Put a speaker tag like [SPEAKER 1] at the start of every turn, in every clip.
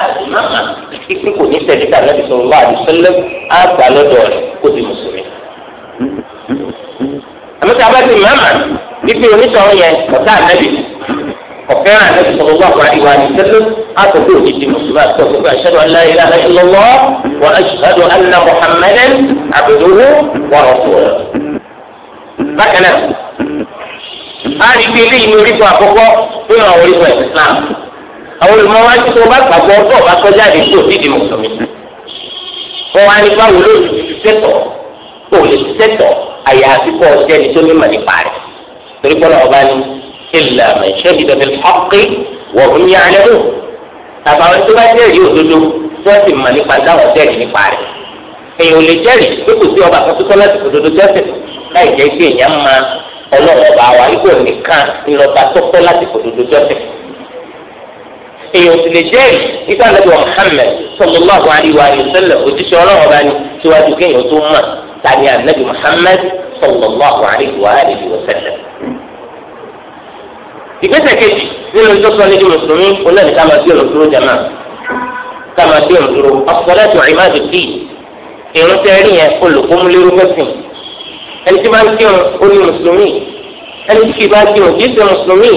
[SPEAKER 1] àdìmọ́mà kíkí kò ní tẹ̀lé tà lẹ́bi sọ̀rọ̀ wá àdìsọ́lẹ̀ àgbà lọ́dọ̀ rẹ̀ kó di mùsùlùmí. àmọ́tí abájú màmá wípé onítọ̀ọ́ yẹn ọ̀tá ànábì ọ̀fẹ́ràn ànábì sọ̀rọ̀ wá àgbà ìwà àdìsọ́lẹ̀ àtọ̀gbé òní di mùsùlùmí àtọ̀gbé àṣẹ́dọ̀ aláìlá ilọ́wọ́ wà aṣọ́dọ̀ anna muhammadan abduhu àwọn olùmọ̀wá ní tó bá gbàgbọ́ tó bá kọjá lè tó dídì mùsùlùmí. wọ́n wá ní báwo ló lè ti sẹ́tọ̀ kó lè ti sẹ́tọ̀ àyàfi kọ́ ọ̀jẹ́ ni tó ní mà nípa rẹ̀. torí pọ́nà ọba ni ilà mẹ́ṣẹ́ ìdọ̀bẹ̀ ọ̀kẹ́ wọ̀ ń yá alẹ́ lò. àbáwọn tó bá jẹ́rìí òdodo wọ́n sì mà nípa dáwọ̀ jẹ́rìí nípa rẹ̀. èèyàn lè jẹ́rìí pé kò sí ọba kan tó tọ́ láti òdodo jẹ́sẹ̀ láì jẹ́ pé èèyàn máa ọlọ́run ọba wa ikú èèyàn sì lè jẹ́rìí nígbà lẹ́dọ̀ Muhammad sallallahu alayhi wa sallam òjíṣẹ́ ọlọ́wọ́ bá ní síwájú kéèyàn tó mọ̀ tani anabi Muhammad sallallahu alayhi wa sallam. ìgbésẹ̀ kejì nínú tó sọ níbi mùsùlùmí olóòní ká máa bí òun dúró jama ká máa bí òun dúró as-salatu imadu ddin ìrún tẹ́rí yẹn olùkómúlérú fẹ́sìn ẹni tí máa ń kírun ó ní mùsùlùmí ẹni tí kì í bá kírun kì í ṣe mùsùlùmí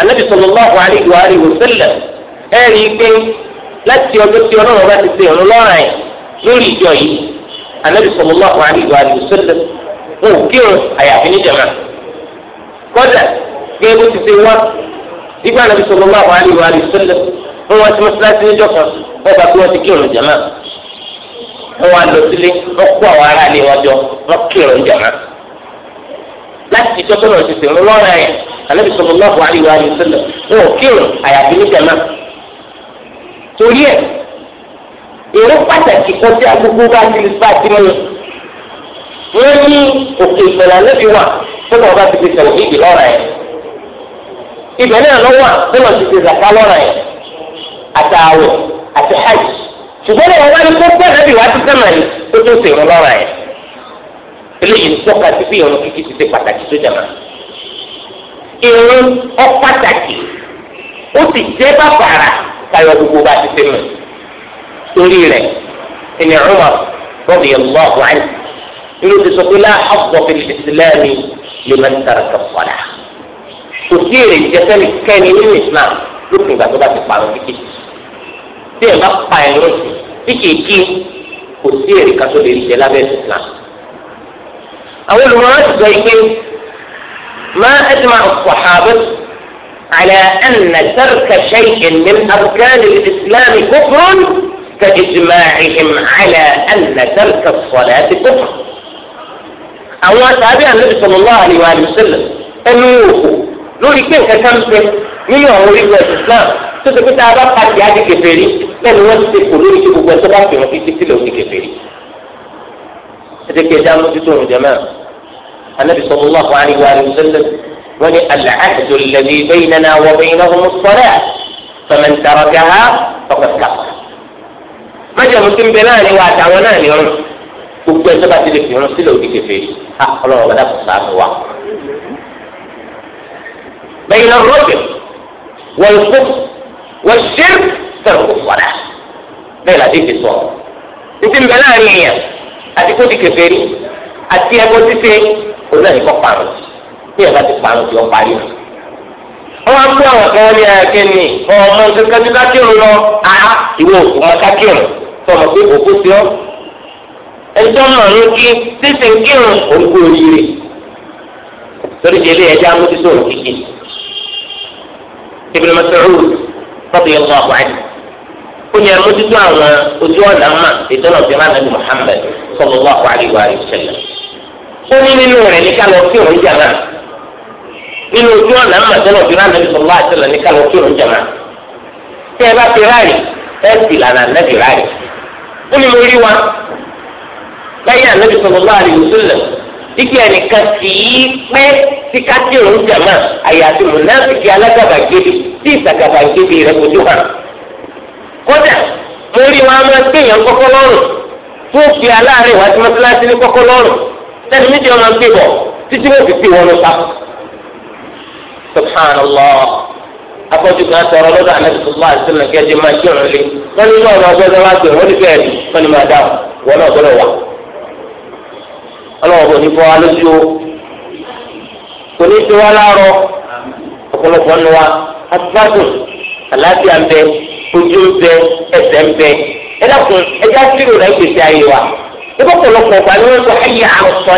[SPEAKER 1] anabi sallallahu alayhi wa sallam ẹ rí i pé láti ọjọ́ tí ọlọ́run bá ti ṣe ọ̀run lọ́ràn yẹn lórí ìjọ yìí anabi sallallahu alaihi wa sallam wọn ò kírun àyàfi ní jàmá kọ́dà gẹ́gẹ́ bó ti ṣe wá nígbà anabi sallallahu alaihi wa sallam wọn wá sí mọ́sálásí níjọ́ kan wọn bá kí wọ́n ti kírun jàmá wọn wá lọ sílé wọn kó àwọn ará ilé wọn jọ wọn kírun jàmá láti ìjọ tó lọ ti ṣe ọ̀run lọ́ràn yẹn anabi sallallahu alaihi torí ẹ̀ èrò pàtàkì kan tí agogo bá ti bá ti mú wọn ní òkè ìpẹ̀lẹ̀ lẹ́bi wà tó lọ́wọ́ bá ti fi sẹ̀wọ̀n ìdì lọ́ra ẹ̀ ibẹ̀ náà lọ́wọ́ tó lọ́wọ́ ti fi zàká lọ́ra ẹ̀ àtàwọ̀ àti hajj ṣùgbọ́n ní ọ̀wá ní kókó lẹ́bi wà ti sẹ́mà ní tó tó sèrò lọ́ra ẹ̀ eléyìí ń tọ́ka sí bí ìrun kíkí ti ṣe pàtàkì tó jàmá ìrun ọ pàtàkì ó sì jẹ́ bàbàrà káyọ̀ gbogbo bá ti fi mọ̀ torí rẹ̀ ẹni ọ̀rọ̀ bọ́ọ̀lù yẹn lọ́wọ́ àwọn àyè inú ti sọ pé lá ọ̀pọ̀ fìlì ìsìlẹ́ẹ̀mì lè máa ń tara kà fọ́lá kò sí èrè ìjẹsẹ́ni kẹ́ni nínú Islam lópin ìgbà tó bá ti pààrọ̀ kíkì tí ẹ̀ bá pa ẹ̀rọ tí kì í kí kò sí èrè kan lè jẹ lábẹ́ Islam àwọn olùmọ̀ràn ti sọ yìí pé ẹ̀ ti máa ń pọ̀ على أن ترك شيء من أركان الإسلام كفر كإجماعهم على أن ترك الصلاة كفر أو أتابع النبي صلى الله عليه وآله وسلم أنوه لو يكن كتمسك من هو أريد الإسلام تسكت أتابع قد يأتي كفيري من وسك لو يجب وسكت في مفيسك لو كفيري هذا كي جامل جدون جماعة النبي صلى الله عليه وآله وسلم والعهد الذي بيننا وبينهم الصلاة فمن تركها فقد كفر ما جاء مسلم بلاني واتعوناني وقلت سبع تلك يوم سلو بك فيه أخلوه ودف الصلاة الواقع بين الركب والخبز والشرك ترك الصلاة بين هذه الصلاة مسلم بلاني هي أتكوتي كفيري أتكوتي سيك وذلك وقعه bí ẹ bá ti parun tí ó parí o. wọ́n á pé àwọn kan ní ẹ̀kẹ́ ni ọmọ kankan ti dákìrún lọ àá ìwé òkú máa dákìrún tọmọ pé òkú sí ọ. ẹjọ́ mọ̀ ní kí títí kírun òkú oríire torí jẹ́lé ẹjẹ́ amúdísọ́ òkìkí. Ibn Mas'ud radiyallahu anhu kúnyẹ mójútó àwọn ojú ọ̀nà mà ìtọ́nà tí wọn nàbí Muhammad sallallahu alaihi wa sallam. ó ní nínú rẹ̀ ní ká lọ sí òun jàmá nínú ojú ọ̀nà ń màtẹ́lẹ̀ òfin ànábì sọ̀rọ̀ àtẹlẹ̀ ní kálọ̀ kí òun jẹ̀mà. tẹ́ ẹ bá fi ráàyè ẹ sì lànà ànábì ráàyè. ó ní mo rí wa lẹ́yìn ànábì sọ̀rọ̀ àlùsílẹ̀ ike ẹnìkan kì í pẹ́ tí kájí òun jẹ̀mà àyàfi mùnáfíkì alágàbàgebè tí ìsàgàbàgebè rẹ̀ kojú hàn. kódà mo rí wa máa gbéyàn kọ́kọ́ lọ́rùn tó fi aláàárẹ̀ wá sí mọ́tíláṣí ní kọ́kọ́ lọ́rùn tẹ́lifíṣàn máa gbé bọ̀ títí wọ́n fi pè wọ́n lọ sáfù subhanallah afọ́jú kan sọ̀rọ̀ lọ́dọ̀ anabi sọ̀rọ̀ àti sọ̀rọ̀ kẹ́jẹ́ máa kí ọ̀rọ̀ lé wọ́n ní náà wọ́n gbọ́dọ̀ wá gbé wọ́n ní bẹ́ẹ̀ wọ́n ní máa dáhùn wọ́n náà gbọ́dọ̀ wà. ọlọ́wọ́ kò ní fọ́ wa lójú o kò ní ti wá láàárọ̀ ọ̀pọ̀lọpọ̀ ní wa agbádùn àlàáfíà ń bẹ ojú ń bẹ ẹsẹ̀ ń bẹ ẹ dákun ẹ já sírò rẹ gbèsè ayé wa ẹ bọ́ pọ̀lọpọ̀ ọ̀gbà ni wọ́n sọ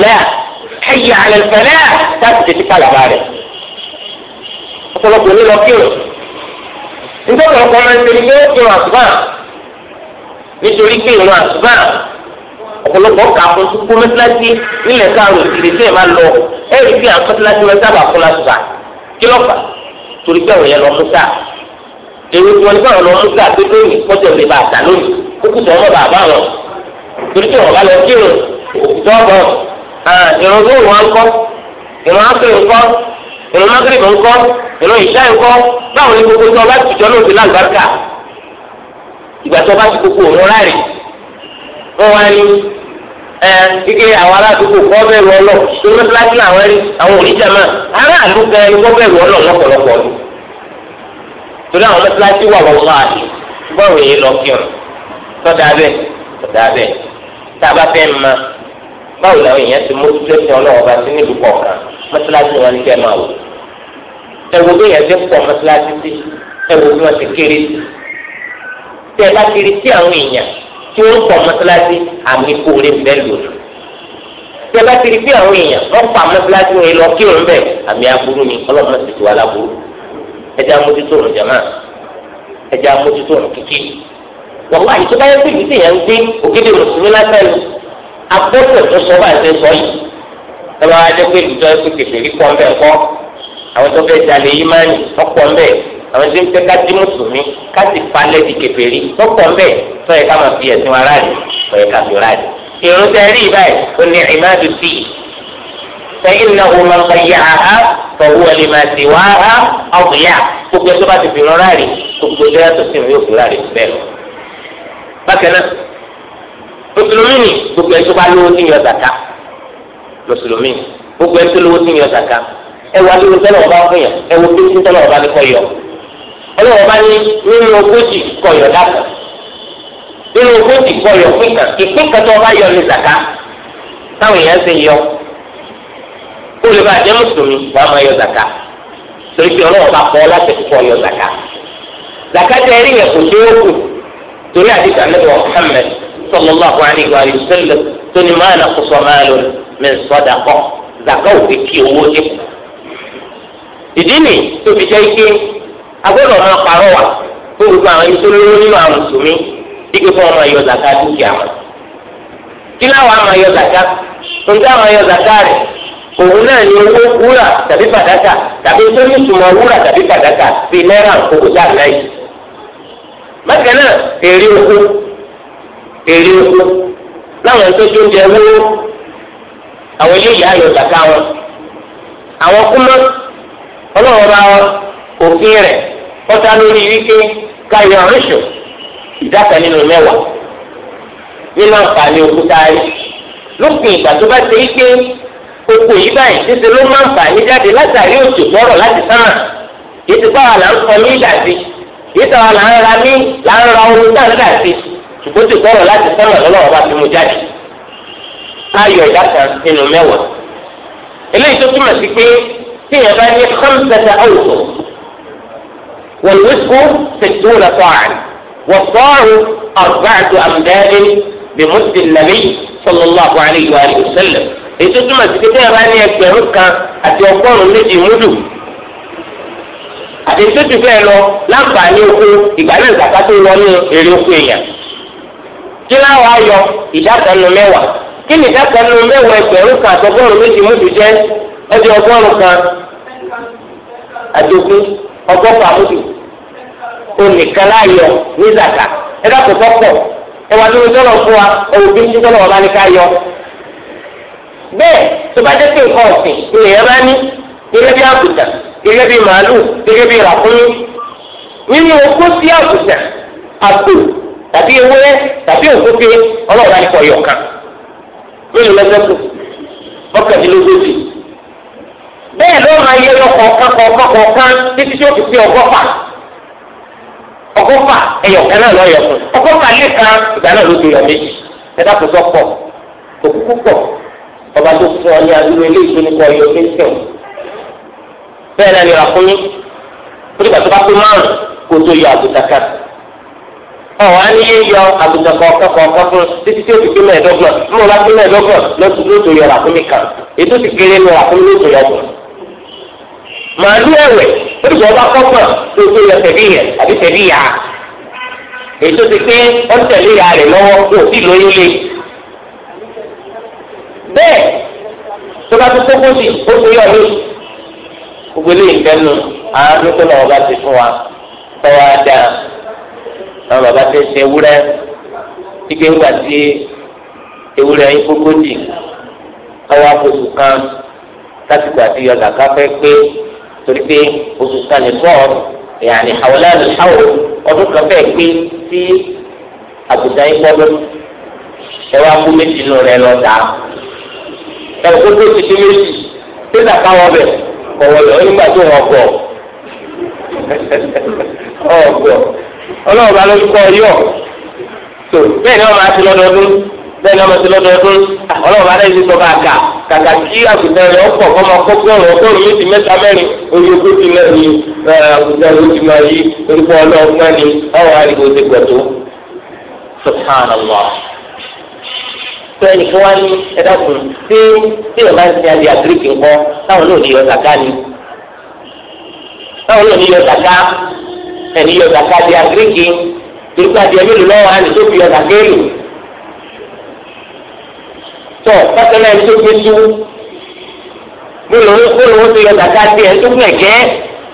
[SPEAKER 1] ọ̀pọ̀lọpọ̀ ní lọ kírun nítorí ọ̀pọ̀ máa ń ṣe ilé ìrun àsùbá nítorí pé ìrun àsùbá ọ̀pọ̀lọpọ̀ kà fún kúkú mẹ́tíláṣí nílẹ̀ káàrọ̀ òkìlẹ̀ tí ẹ̀ máa lọ ẹ̀rí bí àwọn mẹ́tíláṣí wọn sábà fún lásùbà kí ló fà torí pé àwọn yẹn lọ mú sáà èrò tí wọn ní báwọn lọ mú sáà pé lónìí pọ́jọ́ lè bá àtà lónìí kókù tó ọmọ bàbá wọn torí pé wọn bá lọ kírun òkùtọ́ bọ̀ ìlú magreth ńkọ́ ìlú ìṣá ńkọ́ báwo ni gbogbo tó ọba tìjọ náà ti lágbàkà ìgbà tó ọba ti gbogbo òun ráàrì wọn wá ní ẹ kíkẹ́ àwọn aládùúgbò kọ́ bẹ̀rù ọlọ́ tó ní bíláṣí làwọn rí àwọn oníjàmá aráàlú gan ni wọ́n bẹ̀rù ọlọ́ lọ́pọ̀lọpọ̀ ni torí àwọn mẹ́tíláṣí wà wọ́n wá àlè ṣùgbọ́n yìí lọ kírun tọ́da bẹ́ẹ̀ tọ́da bẹ́ẹ̀ tá a bá fẹ́ ma báwo làwọn èèyàn ti mójútó ẹ̀sìn ọlọ́wọ́ bá sí nílùú kọ̀ọ̀kan mọ́sálásí wọn ni kẹ́ máa wò ẹ̀wò bí yẹn ti pọ̀ mọ́sálásí sí ẹ̀wò bí wọ́n ti kéré sí tẹ́ ẹ bá kiri sí àwọn èèyàn tí ó ń pọ̀ mọ́sálásí àmì kóore mẹ́lòó tẹ́ ẹ bá kiri sí àwọn èèyàn wọ́n pa mọ́sálásí wọn lọ kí òun bẹ̀ àmì aburú ni ọlọ́mọ sì ti wà láburú ẹja mójútó òun jẹ̀má ẹja mójútó òun kíkí wọ́n wá ìtọ́jú ayé pé ìgbésẹ̀ yẹn ń gbé ògidì mùsùlùmí látàrí agbọ́dọ̀ tó sọ wá ẹ̀sẹ̀ sọ yìí tọ́ba wa jẹ́ pé ìdújọ́ pé kẹfẹ́rí pọ̀ ń bẹ̀ kọ́ àwọn tó fẹ́ jalè yìí máa ń ọ̀pọ̀ ń bẹ̀ àwọn tó ń fẹ́ ká di mùsùlùmí ká sì palẹ̀ di kẹfẹ́rí ọ̀pọ̀ ń bẹ̀ sọ̀yẹ ká máa fi ẹ̀sìn wa ráàdì sọ̀yẹ ká fi ráàdì. ìrún tẹ rí báyìí ó ní ìmáàdù sí i sẹ́yìn náà wọ́n máa ń pa yá ha fọwọ́ ẹ̀lẹ́ máa ti wá ha ọ̀gbìn yá gbogbo tó bá ti fi rán ráàdì gbogbo ẹ̀ tó sì ń yóò fi ráàdì bẹ́ẹ̀ lọ. bákan náà mùsùlùmí ni gbogbo ẹ̀ tó bá lówó sí yọ zàká mùsùlùmí gbogbo ẹni tó lówó ti yọ zaka ẹ wà lórí tọ́lọ̀ ọba fún yàn ẹ wo bí tọ́lọ̀ ọba ní kọ́ yọ ọlọ́wọ́ bá ní nínú ogójì kọ́ yọ dàpọ̀ nínú ogójì kọ́ yọ pínkan tó ọba yọ ní zaka táwọn èèyàn ṣe yọ kó lè bá jẹ́ mùsùlùmí wà á máa yọ zaka torí pé ọlọ́wọ́ bá kọ́ láti kọ́ yọ zaka zaka tẹ ẹrí yẹn kò dé òkú torí àdìgbà nígbà Muhammad sallallahu alayhi wa sallam tó ní máa nà mi sọdà kọ zaka òfin kí owó ti kù ìdí nì tó fi jẹ́ ike agbọ́dọ̀ máa parọ́ wà fún gbogbo àwọn ẹni tó lówó nínú àwọn mùsùlùmí dígbé fún ọmọ ayọ̀ zaka dúkìá wọn kí láwọn àmọ ayọ̀ zaka ǹjẹ́ àwọn ayọ̀ zaka rẹ̀ òun náà ni owó wúrà tàbí fàdákà tàbí tó ní ìtumọ̀ wúrà tàbí fàdákà bíi náírà òkú jà náà yìí bákan náà èrè oko èrè oko láwọn ẹni tó tó ń jẹ wúrò àwọn eléyìí ayọ̀ zaka wọn àwọn kúmọ́ ọlọ́wọ́ bá wọn òfin rẹ̀ ọ̀tá lórí wípé káyọ̀ ọ̀rẹ́sọ̀ ìdáka nínú mẹ́wàá nínú àǹfààní òkúta rẹ̀ lópin ìgbà tó bá ṣe wípé oko yìí báyìí ṣíṣe ló máa ń fà ní jáde látàrí òjò tọrọ láti sáà yìí ti báwa là ń sọ ní ìgbà yìí tàwa là ń ra ní là ń ra ohun dáadáa sí ṣùgbọ́n ti tọrọ láti sáà lọ́wọ́ bá fi mu jáde ayọ ìdá kan nínú mẹ́wàá eléyìí tó túmọ̀ sí pé tí yẹn bá ní khamsata awso wal wisku sittuna sa'an was-sa'u arba'atu amdad bi mudd an-nabi sallallahu alayhi wa sallam èyí tó túmọ̀ sí pé tí yẹn bá ní ẹgbẹ̀rún kan àti ọgọ́rùn-ún méjì múdù àti tó ti lọ láǹfààní oko ìgbà náà lọ kí ni ìdáka nínú mẹ́wàá ẹgbẹ̀rún kan àtọ́gọ́rùn méjì mútu jẹ́ ọdún ọgọ́rùn kan àdógún ọgọ́fà mútu onìkan láàyò ní zaka ẹ dákò tọ́pọ̀ ẹ wà lórí tọ́lọ̀ fún wa òwò bí ní tọ́lọ̀ ọba ní ká yọ. bẹ́ẹ̀ tó bá jẹ́ pé nǹkan ọ̀sìn ilẹ̀ yẹn bá ní gẹ́gẹ́ bí àgùtà gẹ́gẹ́ bí màálù gẹ́gẹ́ bí ràkúnmí nínú okó sí àgùtà àgbò tàbí ewúrẹ́ tàbí òkúté ọlọ́ọ̀bá ní kọ̀ yọ̀ kan mélòó lọ́sẹ̀kù mọ́kàndínlógójì bẹ́ẹ̀ ló máa yẹ lọ kọ̀ọ̀kan kọ̀ọ̀kan kọ̀ọ̀kan títí tí ó fi pé ọgọ́fà ọgọ́fà ẹ̀yọ̀kan náà lọ́ọ́ yọkùn ọgọ́fà lẹ́ẹ̀kan ìgbà náà ló ti yọ méjì ẹ̀dá kò sọ pọ̀ kò kúkú pọ̀ ọba tó fún ọ ní adúlọ eléyìí tó ní kọ́ yọ méjì ọ̀ bẹ́ẹ̀ náà ni ràkúnmí ó dìgbà tó bá pé márùn kó tó yọ àgùntàn ọ̀hún á ní yọ àgùntàn kọ̀ọ̀kan kọ̀ọ̀kan fún títí tí ó fi gbẹ́mọ̀ ẹ̀dọ́gbọ̀n ní mo bá gbẹ́mọ̀ ẹ̀dọ́gbọ̀n lọ́sùn lóòtò yọ ràkúnmí kan ètò ti kéré ní ràkúnmí lóòtò yọ ọ̀gbọ̀n. màálù ẹ̀wẹ̀ ó ti sọ ọba kọ́gbọ̀n tó tó yọ tẹ̀bí yẹn àbí tẹ̀bí yà á. ètò ti pé ó tẹ̀lé ya rẹ̀ lọ́wọ́ kó o sì lóyún lé. bẹ́ẹ̀ tó bá tó kókó sí ó tó yọ mí. gbogbo eléyìí àwọn bàbá tẹ ṣe ewúrẹ́ ike ńgbà tí ewúrẹ́ yín kókó dì àwọn akóso kan láti gbà tí yọ̀dà ká fẹ́ pé torí pé oṣù kan lè bọ̀ ìyàní àwòlẹ́ àlùfáwò ọdún kan fẹ́ pé tí àgùntàn yín gbọ́dọ̀ ẹ wá kú méjì nù rẹ lọ dà ẹ kó tó ti dé méjì tó dàgbà wọ bẹ kọ̀wọ̀ lọ nígbà tó wọ̀ bọ̀ ọ̀ bọ̀ ọlọ́ọ̀bá ló kọ́ yọ̀ tó bẹ́ẹ̀ ni wọ́n máa ti lọ́dọọdún bẹ́ẹ̀ ni wọ́n máa ti lọ́dọọdún ah, ọlọ́ọ̀bá lẹ́yìn ti sọ bá a kà kàkà kí àgùntàn rẹ̀ ọ̀pọ̀ kọ́ máa kọ́ fún ọ̀rọ̀ ọgọ́rùn méjì mẹ́ta mẹ́rin oye ogójì náà ni eh, àgùntàn rẹ̀ ti máa yí orúkọ ọlọ́ọ̀gbọ́n ni ọ̀rọ̀ àdìgbò ti gbẹ̀tọ́ subhanallah tó ẹnì kan wá ní ẹ̀dá kun tí tí o bá ń sin adìyà gíríkì ńkọ táwọn náà ní ẹni yọ zaka di agiriki torípa di ẹni lò lọ́wọ́ àni tó fi yọ zaka èlò tọ bákan náà ẹni tó fi sú bólúwó ti yọ zaka di ẹni tó fún ẹ̀jẹ̀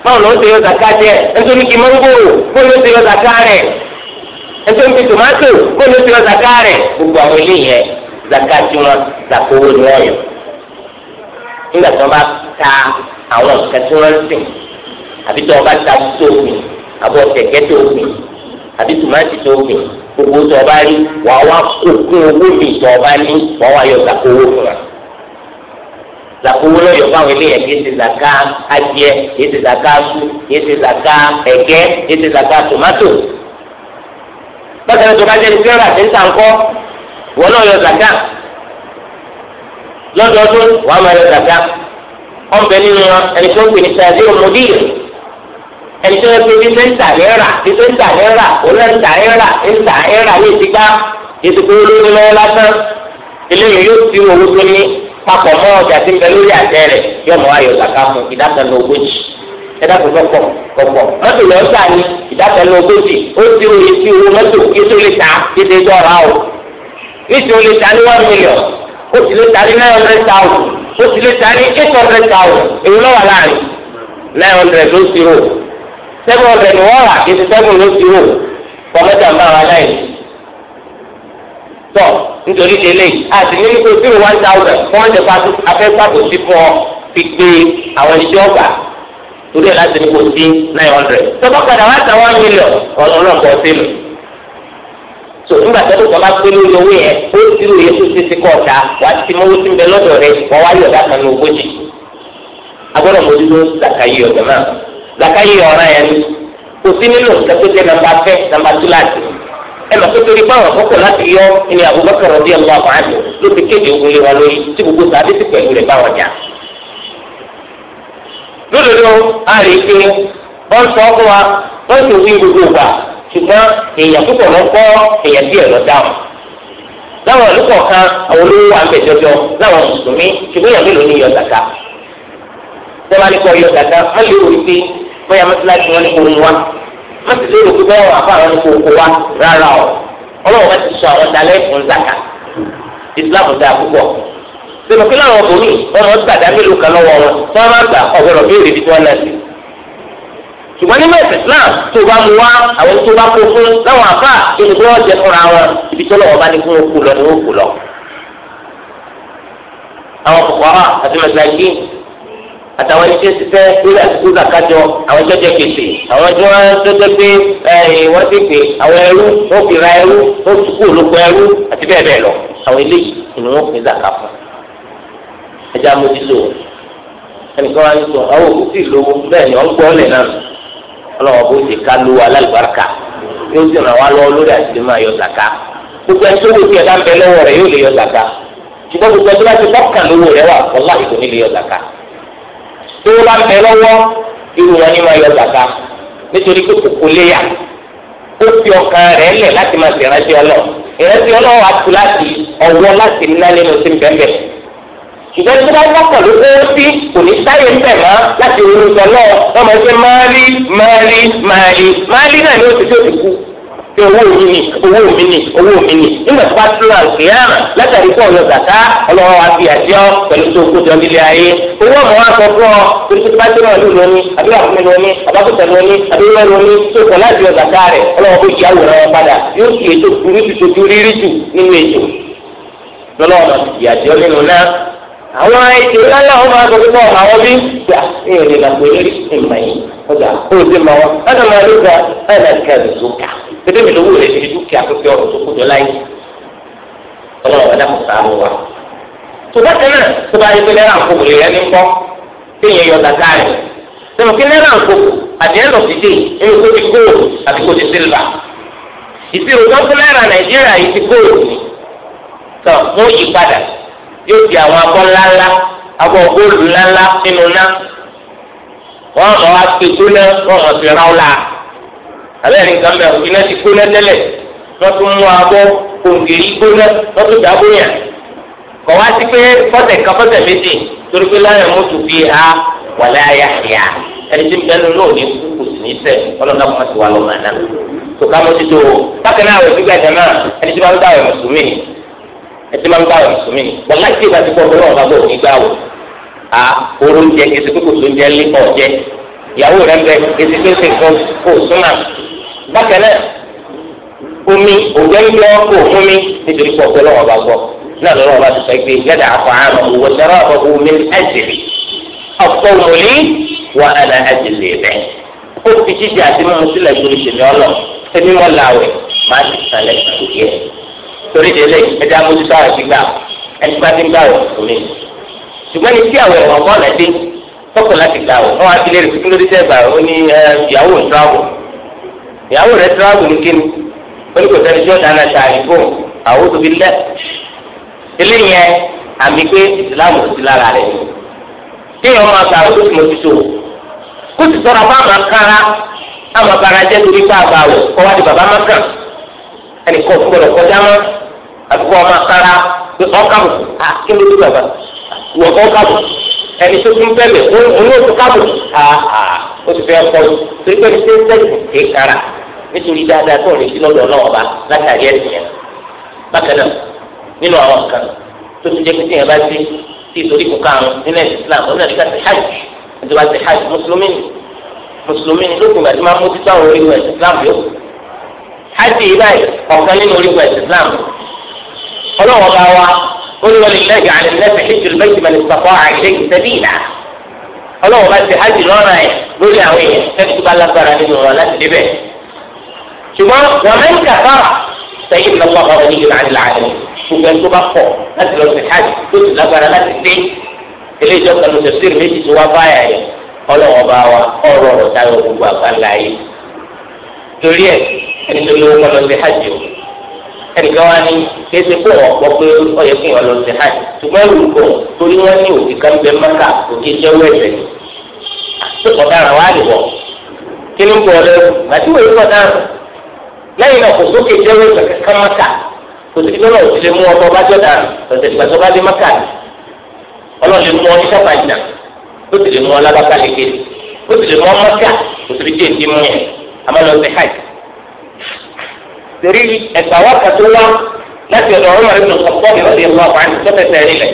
[SPEAKER 1] báwo ló ti yọ zaka di ẹ nítorí kí mọ́ngòrò bólúwó ti yọ zaka rẹ nítorí kí tòmátò bólúwó ti yọ zaka rẹ gbogbo àwọn eléyìí yẹn zaka tí wọn zaka owó ni wọn yọ nígbà tí wọn bá ta àwọn nǹkan tí wọn ń sìn àbí tí wọn bá ta sóògùn àbọ̀ kẹ̀kẹ́ tó gbìn àbí tòmátì tó gbìn gbogbo tó ọba rí wà wá kókún owó mi tó ọba ní wà wá yọ zàkó owó fún wa zàkó owó lọ yọ fáwọn eléyà kí ẹsẹ zàká adìẹ kí ẹsẹ zàká asu kí ẹsẹ zàká ẹ̀gẹ́ kí ẹsẹ zàká tòmátò bákan tó bá jẹ ní fẹ́ràn àti níta ńkọ́ wọn náà yọ zàká lọ́dọọdún wàá máa yọ zàká ọ̀nbẹ nínú ẹni tó ń pè ní sàdé ọmọdé yìí ẹni tó yẹ pé bí sẹ́ńtà náírà bí sẹ́ńtà náírà olóńtà náírà ńtà náírà lè ti gbá ètò tó lórí lọ́wọ́ lásán eléyìí yóò ti owó tó ní papọ̀ mọ́ ọjà tí ń bẹ lórí àtẹ rẹ̀ yóò mọ ayọ̀ zaka fún ìdákanná ogójì ẹ̀dàkùn tó pọ̀ pọ̀pọ̀ mọ́tò lọ́ọ́ sá ni ìdákanná ogójì ó ti owó yìí sí owó mọ́tò yìí tó lè ta yìí tó tọ́ ra o níṣẹ́ o lè ta ní one million o sì lè ta ní nine hundred thousand o sì lè ta ní eight hundred thousand èyí lọ́wọ́ láàrin nine hundred ló ti rò sẹ́gun ọ̀rẹ́ ni wọ́n rà kí sẹ́gun ló ti rò kọ́mẹ́tà ń bá wa náà yìí. tọ́ nítorí délé àti nínú kó zero one thousand four hundred five afẹ́fàbò sí fún ọ fi gbé àwọn ẹni tí wọ́n gbà torí ẹ̀ láti ní kó sí nine hundred. tọ́kọ́ padà wá tà one million ọlọ́ọ̀kọ́ sí mi. tó nígbà tó tọ́ bá pé lórí owó yẹn ó ti rò yẹ kó ti ti kọ́ ọ̀tá wà á ti mọ́wó sí ń bẹ lọ́dọ̀ rẹ wọ́n wá yọ̀dá kan ní ogójì. agbọ́dọ̀ mọ́tò ló ń sàkàyé ọ̀dọ̀ náà zaka yìí ọ̀ràn yẹn ni kò sí nínú nǹkan tó jẹ́ nàmbà fẹ́ nàmbà tó láti ẹ lọ sókè rí báwọn àkókò láti yọ ẹni Abubakar radiyallahu anhu ló ti kéde ogun lé wa lórí tí gbogbo sàbí ti pẹ̀lú rẹ̀ báwọn jà. lódodo àrè ike wọ́n sọ fún wa wọ́n sì wí gbogbo gbà ṣùgbọ́n èèyàn púpọ̀ lọ gbọ́ èèyàn díẹ̀ lọ dáhùn. láwọn olùkọ́ kan àwọn olówó wa ń bẹ̀ jọjọ láwọn mùsùlùmí ṣùgbọ́n èèyàn mélòó ní yọ zaka. tẹ́lá ní kọ́ yọ zaka wọ́n lè wò bóyá mọ́sálásí wọn ní kò mú wa wọ́n sì lérò pé báwọn àfa àwọn ní kò kó wa rárá o ọlọ́wọ́ bá ti sọ àwọn dalẹ́ fún zaka islam da púpọ̀ sọ̀rọ̀ kí láwọn ọkọ̀ mi wọn lọ gbàdá mélòó kan lọ́wọ́ wọn tí wọ́n máa gbà ọ̀gbọ̀dọ̀ bí èrè bí tí wọ́n náà sí. ṣùgbọ́n nínú ẹ̀sìn islam tó bá mu wá àwọn tó bá kó fún láwọn àfa ìlú tó wọ́n jẹ fúnra wọn ibi tó lọ́wọ́ bá ní fún òkú lọ ní òkú lọ. àwọn kòkòrò àti mẹsàgì àtàwọn ẹni tí ó ṣiṣẹ́ lórí àtúntò zakajọ àwọn tó jẹ gbèsè àwọn tí wọ́n tó jẹ pé wọ́n ti pè àwọn ẹrú wọ́n fi ra ẹrú wọ́n ti kú olóko ẹrú àti bẹ́ẹ̀ bẹ́ẹ̀ lọ àwọn eléyìí ni wọ́n fi zaka fún ẹja mójútó ẹnìkan wá ní sọ àwọn òkú sì lówó bẹ́ẹ̀ ni wọ́n gbọ́ ọ́lẹ̀ náà ọlọ́wọ́ bó ṣe ká lówó alálùbáríkà yóò sì ràn wá lọ́wọ́ lórí àti máa yọ tó wá bẹ lọ́wọ́ irú wọn ni máa yọ zaka nítorí pé kòkó léyà ó fi ọkàn rẹ̀ lẹ̀ láti máa ṣe ìrántí ọlọ́ ìrántí ọlọ́ wa tu láti ọwọ́ láti ná nínú sí bẹ́ẹ̀ ṣùgbọ́n tí wọ́n bá pẹ̀lú óòtí kò ní sáyé bẹ̀ mọ́ láti ronú sọ náà wọ́n máa ṣe máàlí máàlí máàlí máàlí náà ni ó ti tó ti kú pé owó mi ni owó mi ni owó mi ni nígbà tó bá tún àgbè hàn látàrí pé ọ̀yọ́ gàtá ọlọ́wọ́ wa fi àjọ pẹ̀lú tó kójọ nílé ayé owó ọmọ wa sọ fún ọ torí tó bá tún àlù lóní àbí àfúnmi lóní àbákùtà lóní àbíwẹ́ lóní tó kọ̀ láti ọ̀gá gàtá rẹ̀ ọlọ́wọ́ bó jẹ́ àwòrán wọn padà yóò sì ètò burú ti sojú rírí jù nínú ètò lọ́lọ́wọ́ àwọn ètò ńláńlá wọn máa tọ́jú pọ̀ àwọn bí gbà ní èrè làpò eré ìmọ̀ yìí ọjà ó ti mọ wọn láti máa ló gba láti láti ká ìdòdó ká pété mi lówó rẹ̀ ti dúkìá tó fi ọ̀rọ̀ tó kú jọ láyé ọlọ́run ọ̀dà kò sáà mú wa. tó bá tẹ́lẹ̀ tó bá yẹ pé náírà ń kókò lè ní kọ́ téèyàn yọ gàgá rẹ̀ sọ̀rọ̀ kí náírà ń kókò àdéhùn ọ̀sídé ẹni kó ti góòlù àti kó ti sílvà ìṣirò tó ń fún náírà nàìjíríà yìí yóò di àwọn abọ́ ńláńlá abọ́ góòlù ńláńlá nínú ná wọ́n mọ̀ wá fi gbóná wọ́n mọ̀ fi ráúlà abẹ́rẹ́ nǹkan bẹ̀rù iná ti gbóná tẹ́lẹ̀ wọ́n tún mú abọ́ òǹgèrí gbóná wọ́n tún dàbò yàn kọ̀ wá sí pé fọ́tẹ̀ kan fọ́tẹ̀ méjì torí pé láyọ̀ mọ́tò fi ha wà láyà yà ẹni tí bẹ́ẹ̀ lónìí òní kú kò ní sẹ́ ọlọ́dà kọ́mọ̀ sí wa lọ́mọ àná tó bákan náà rẹ̀ gbígbà náà ẹni ẹtí máa ń gbà wọn sùn mí ni wọn láì tí ìgbà tí kò ọdún náà bá bọ òní gbà wò a oró jẹ kí ẹsẹ kókò tó ń jẹ lé ọjẹ ìyàwó rẹ ń bẹ ẹsẹ tó ń sè fún kò súnmà bákan náà omi òjò ń yọ kó fún mi nítorí pọ̀ pẹ̀lú ọ̀bà gbọ́ náà lọ́wọ́ ọba ti sọ pé yẹ́dà àpá àmọ̀ òwò sẹ́rọ̀ àbọ̀bọ̀ omi ẹ̀jẹ̀lì ọ̀pọ̀ wòlí torí délé ẹ̀dá mójútó àwọn ti gbà ẹni bá ti ń gbà wọ̀ fún mi. ṣùgbọ́n ní tí àwọn ẹ̀wọ̀n bọ́ọ̀lù ẹ̀dín tọ́kọ̀ láti gbà wọ̀ wọ́n á ti lè rí kíkúrò dídẹ́ gbà ó ní ìyàwó tíráàbù ìyàwó rẹ̀ tíráàbù ní kíni ó ní kò sẹ́ni tí ó dáná ta ìbò àwọn tóbi lẹ̀. eléyẹn àmì pé ìsìlámù ò sí lára rẹ̀ kéèyàn máa gbà ó sì mójútó kó sì sọ̀rọ̀ bá àmà kára àmà bàrà jẹ́ torí pé àgbà wọ̀ kọ́ wá di bàbá má kàn ẹnì kan àbíkọ́ ọmọ akára pé ọkàbù kí ló dé bàbá wọ ọkàbù ẹni tó tún bẹ̀lẹ̀ òun yóò tún kàbù ó ti fẹ́ kọ́ pé pé ní sẹ́yìn kékeré nítorí dáadáa tó ní sínú ọ̀dọ̀ náà ọba látàrí ẹ̀sìn yẹn bákan náà nínú àwọn kan tó tún jẹ́ kíkẹ́ yẹn bá dé sí ìsòrí kò karùn-ún nílẹ̀ Islam ọ̀nà ìdíkà ti hajj ìjọba ti hajj mùsùlùmí ni mùsùlùmí ni lókùn àti máa mójútó àwọn orígun ẹ̀sìn Islam yòókù hajj yìí báyìí ọ̀kan nínú orígun ẹ̀sìn Islam فلو غاوة قل ولله على الناس حج البيت من استطاع إليه سبيلا فلو غاوة حج الرامع قل يا وين كيف تبالا برانين ولا تلبه شما ومن كفر سيدنا الله غني عن العالمين وكان تبقى فوق أنت لو تحاج كنت لا برانا تلبين إليه جبت أنه تصير ميسي سوا فايا فلو غاوة أورو رسالة وقوة فالله توليه أنت لو كنت لحاجه ẹnìkan wá ní kéésì kó wọn gbọ́ pé ó yẹ kí wọn lọ sí hajj ṣùgbọ́n ìlú kò torí wọn ní òsì kan bẹ mẹ́ta òkè jẹ́ wẹ́ẹ̀sẹ̀ ni. sọ̀kọ̀ dára wá lè wọ̀ kí ló ń bọ̀ lẹ́rù màtí wòye kọ̀ dára lẹ́yìn náà kò sókè jẹ́ wẹ́ẹ̀sẹ̀ kankan mẹ́ta kò sí lọ́wọ́ òsì lè mú ọkọ̀ bájọ́ dára ọ̀sẹ̀ ìgbàsọ́ bá dé mẹ́ta ni ọlọ́run lè mú ọ ní sábàjìnà ó sì lè mú ọ lábàkàlẹ̀ تريد أتوقع سورة لكن عمر بن الخطاب رضي الله عنه كما سائلا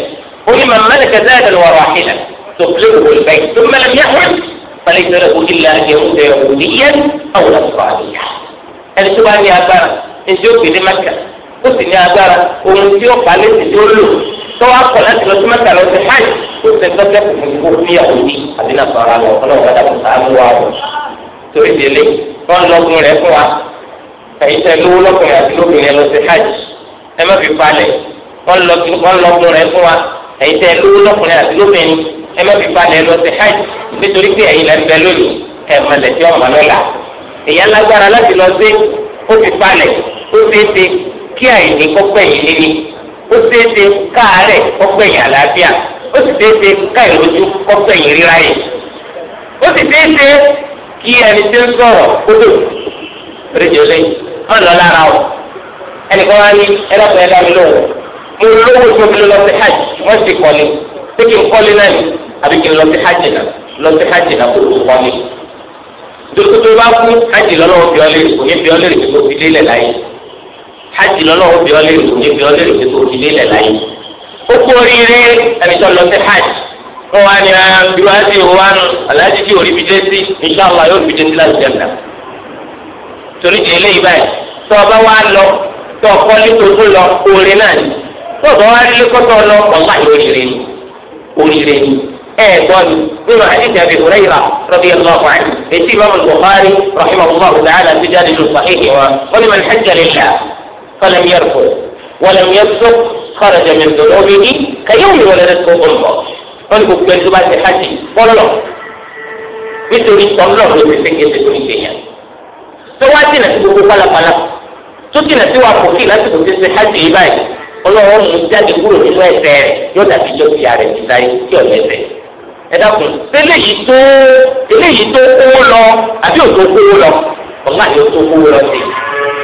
[SPEAKER 1] قل من ملك زادا وراحلا تقلبه البيت ثم لم يعد فليس له إلا أن يموت يهوديا أو نصرانيا هذه سورة هي عبارة الجوب في مكة قلت إنها عبارة ومن سيوق عليه تقول سواء قلت أنت لو سمعت لو تحاج قلت إنك تكون في يهودي هذه نصرانيا وقالوا هذا مصعب واضح تريد لي قال لو كنت ẹ̀yin tẹ lówó lọ́kùnrin àti lóbìnrin lọ sí hajj ẹ má fi falẹ̀ wọ́n lọ kún rẹ̀ fún wa ẹ̀yin tẹ lówó lọ́kùnrin àti lóbìnrin ẹ má fi falẹ̀ lọ sí hajj nítorí pé ẹ̀yin lẹ́ ń bẹ lónìí ẹ̀ mọ̀lẹ̀ tí ọmọ lọ́la èyí alágbára láti lọ sí ó fi falẹ̀ ó fi ṣe kí àìní kọ́pẹ́ yìí níní ó ṣe é ṣe káàárẹ̀ kọ́pẹ́ yìí àlàáfíà ó sì ṣe é ṣe káìrojú kọ́pẹ́ yìí ríráyè ó sì ṣe é ṣe kí ẹni tí ń sọ̀rọ̀ kó dòdò rédíò lẹ́yìn wọn lọ lára o ẹnìkan wá ní ẹlẹ́kùn ẹ̀dá mi lóhùn mo lówó tó fi lọ sí hajj wọ́n sì kọ́ni pé kí n kọ́ni náà ni àbí kí n lọ sí hajj náà lọ sí hajj náà kó tó kọ́ni. dókítà tó bá kú hajj lọ́lọ́wọ́ fi ọ́ lérè kò ní fi ọ́ lérè tó fi lélẹ̀ láyé hajj lọ́lọ́wọ́ fi ọ́ lérè kò ní fi ọ́ lérè tó fi lélẹ̀ láyé. ó kú oríire ẹni lọ sí hajj wọn wá ní irú hajj wo wá torí ti eléyìí báyìí tó o bá wá lọ tó o kọ́ létòtó lọ oore náà ni tó o bá wá lé kọ́tọ́ lọ ọ̀la ìròyìn ni oríire ni ẹ gbọ́ mi nínú àdìsí àbí Hurayra radiyallahu anhu etí imam al-Bukhari rahimahullah ta'ala ti jáde lu sahihi wa wọ́n ní man hajja lillah falam yarfud walam yafsuq kharaja min dhunubihi kayawmi waladathu ummuh wọ́n ní gbogbo ẹni tó bá ti hajj kọ́lọ́ nítorí tọ́lọ́ ló ti ṣe kéde tó ń ṣe tó wá jìnà sí gbogbo pálapàla tó jìnà sí wa kò kí lásìkò tí ṣe hajj yìí báyìí ọlọ́wọ́ mú jáde kúrò nínú ẹsẹ̀ rẹ̀ yóò dàbí jọ ti ààrẹ ti sáyé tí ọ̀ lẹ́sẹ̀ ẹ dákun tẹ́lẹ̀ tó eléyìí tó kówó lọ àbí òtó kówó lọ ọ̀gá yóò tó kówó lọ sí i.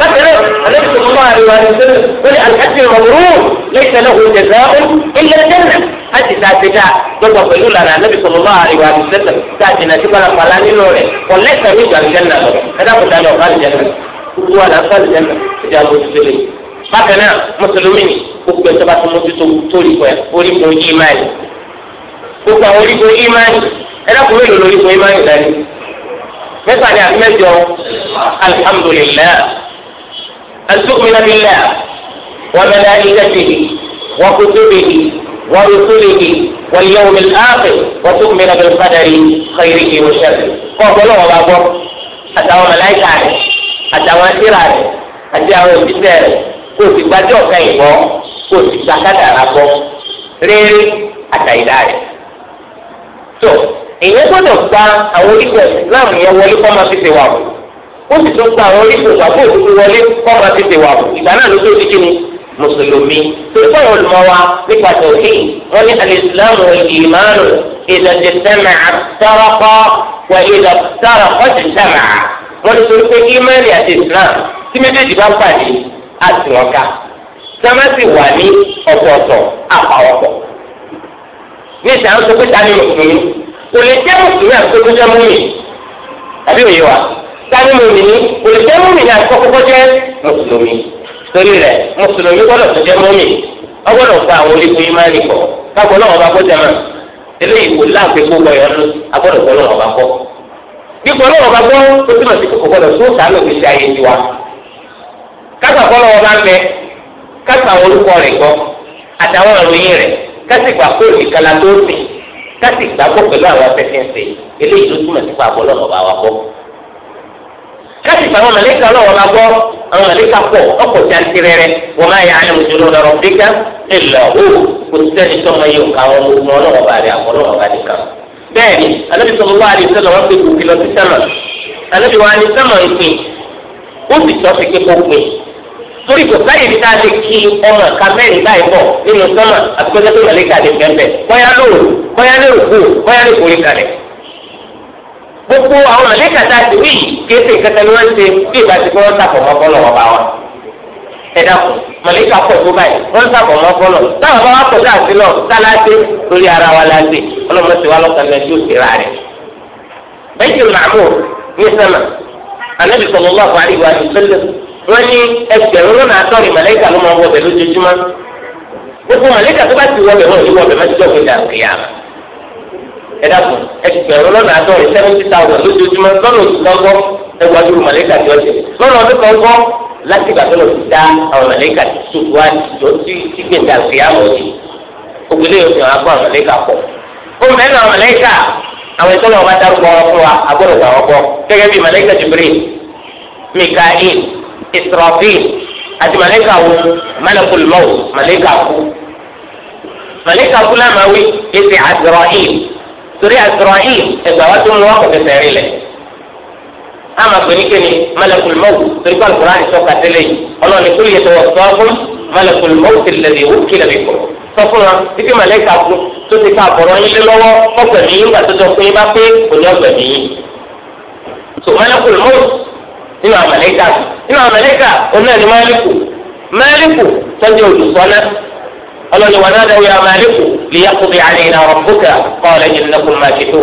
[SPEAKER 1] فكذا النبي صلى الله عليه وسلم قال الحج المبرور ليس له جزاء إلا الجنة حج ساتجا gbogbo pẹ̀lú lana anabi sọlọlọ àríwá àdìsẹlẹ tá a jìnnà sípàlà pàlà nínú rẹ ọlẹsẹ mi gba àlùjẹnà lọ ẹ̀dá kò dáná ọba àlùjẹnà gbogbo wa làásù àlùjẹnà ẹ̀dá kò tó lè. bákan náà mùsùlùmí ni gbogbo ẹ̀ sábà tó mójútó tó rí pẹ́ orí kò yí máàlì gbogbo àwọn orígbó imáni ẹlẹ́kùn mélòó lórí fún imáni dání mẹ́fà ni àbí mẹ́jọ alihamudulilayi أن تؤمن بالله وملائكته وكتبه ورسله واليوم الآخر وتؤمن بالقدر خيره وشره قولوا بابا أتوا ملائكة أتوا سيرة أتوا بسر kò sì gbájú ọ̀ka ìbọn kò sì gba kádàrà bọ rírí àtàyídá rẹ̀. tó ìyẹn gbọ́dọ̀ gba àwọn onígbà ìsìláàmù yẹn wọlé kọ́ máa fi ṣe wà wò ó sì tún gba àwọn orísun ìgbàgbọ́ òdodo wọlé kọ́ máa tètè wà fún ìgbà náà ló tó di kíni mùsùlùmí tó fẹ́ olùmọ̀ wa nípa tòkì wọ́n ní alìsílámù ìmánu ìdàjẹ sẹ́mà wà ìdàtàràkọ́ ti sẹ́mà wọ́n ní pé ìmánì àti islam tí méjèèjì bá pàdé àti wọn ká sì wà ní ọ̀tọ̀ọ̀tọ̀ àpàwọ̀pọ̀ ní ìsàn sọ pé ta ni mùsùlùmí kò lè jẹ́ mùsùlùmí àti tani mòmìnì kò lè jẹ́ mòmìnì àti kọ́kọ́kọ́ jẹ́ mùsùlùmí torí rẹ̀ mùsùlùmí gbọ́dọ̀ tó jẹ́ mòmìnì wọ́n gbọ́dọ̀ gba àwọn olùkọ́ ìmánì kọ̀ káàkó náà wọ́n bá kó jẹ́mọ̀ eléyìí kò láàpẹ̀ kó gbọ́ yọnu agbọ́dọ̀ gbọ́ náà wọ́n bá kọ́ dípò náà wọ́n bá gbọ́ tó túmọ̀ sí kókò gbọ́dọ̀ tó sàánù gbèsè ayé tiwa káàkó kọ́ náà wọ́n bá ń bẹ káàkó àwọn olùkọ́ rẹ̀ gbọ́ àtàwọn ìròyìn rẹ̀ kásì gbà kó ìkàlà tó sìn kásì gbà kó pẹ̀lú àwọn afẹ́fẹ́ káyì fún àwọn mẹlẹka lọ́wọ́ la gbọ́ àwọn mẹlẹka pọ̀ ọkọ̀ tí a ti rẹrẹ wọn máa yà ánú jùlọ lọrọ bíkà ìlà ó kò sẹ́ni tọmọ yìí nǹkan àwọn ọmọ ọlọ́wọ́ bá rẹ àwọn ọlọ́wọ́ bá rẹ kàn. bẹ́ẹ̀ni anabi sọlọ wà ní sọlọ wọn fi gòkè lọ sí sẹmọ anabi wà ní sẹmọ ìpín ó sì tọ́ sí kíkó pin torí kò sáyè ní ká kí ọmọ ká báyìí bọ̀ nínú sọmọ àti pẹ́ẹ́sẹ́ tó mẹlẹka lè fẹ́ gbogbo àwọn mọ̀lẹ́kà tá a ti wí kéésì kẹta ni wọ́n ṣe bí ìgbà tí wọ́n sàkọ̀ mọ́ bọ́ọ̀lù wọn bá wọn. ẹ dàpọ̀ mọ̀lẹ́kà pọ̀ tó báyìí wọ́n sàkọ̀ mọ́ bọ́ọ̀lù táwọn bá wà pọ̀ dáàsì náà sáláṣí lórí ara wa láti ọlọ́mọ ti wá lọ́kàn náà tí ó ti ra rẹ̀. bẹ́ẹ̀ni màmú ní sẹ́mà anábì sallallahu alaihi wa sallam wọ́n ní ẹgbẹ̀rún lọ́nà àtọ́rì mọ̀lẹ́kà ló máa wọ ẹ̀dàpọ̀ ẹgbẹ̀rún lọ́nà àádọ́rin seventy thousand lójoojúmọ́ lọ́nà oṣù lọ́gọ́ ẹgbàá dúró màlẹ́kà tí ọ̀sẹ̀ lọ́nà ọdún kan gọ́ láti ìgbà tó lọ sí dá àwọn màlẹ́kà tí sùkú wá jọ sí sígbèǹda sí àmọ́ yìí ògbélé yóò fi hàn ágbọ́ àwọn màlẹ́kà pọ̀ ó mẹ́rin àwọn màlẹ́kà àwọn ìtọ́lọ̀ wọn bá dárúkọ wọn fún wa agbọ́dọ̀ gbà wọn gẹ́gẹ́ bí màlẹ́kà Jibril Mikael Israfil àti màlẹ́kà wo Malakul Maut màlẹ́kà kú màlẹ́kà kú lámàwí èsì Azrail torí Isra'il ẹgbà wá tó ń lọ wọn kò fẹsẹ̀ rìn lẹ̀ ama pè ní kéde malakul mawt torí kó alukur'an sọ ka tẹ́lẹ̀ yìí ọlọ́ni kúlù yẹ tọwọ́ sọ fún malakul mawt alladhi wukila bikum sọ fún wa títí malẹ́ka kú tó ti ká àbọ̀rọ̀ yín lé lọ́wọ́ ọgbẹ̀mí yín gbà tó jọ pé bá pé kò ní ọgbẹ̀mí yín so malakul mawt nínú ọlọ́ni wà náà dáwọ́ yà máa lékò lè yà kó bí alẹ́ iná ọ̀rọ̀ bókà kọ́ ọ̀lẹ́ yìí nàkó máa ṣe tó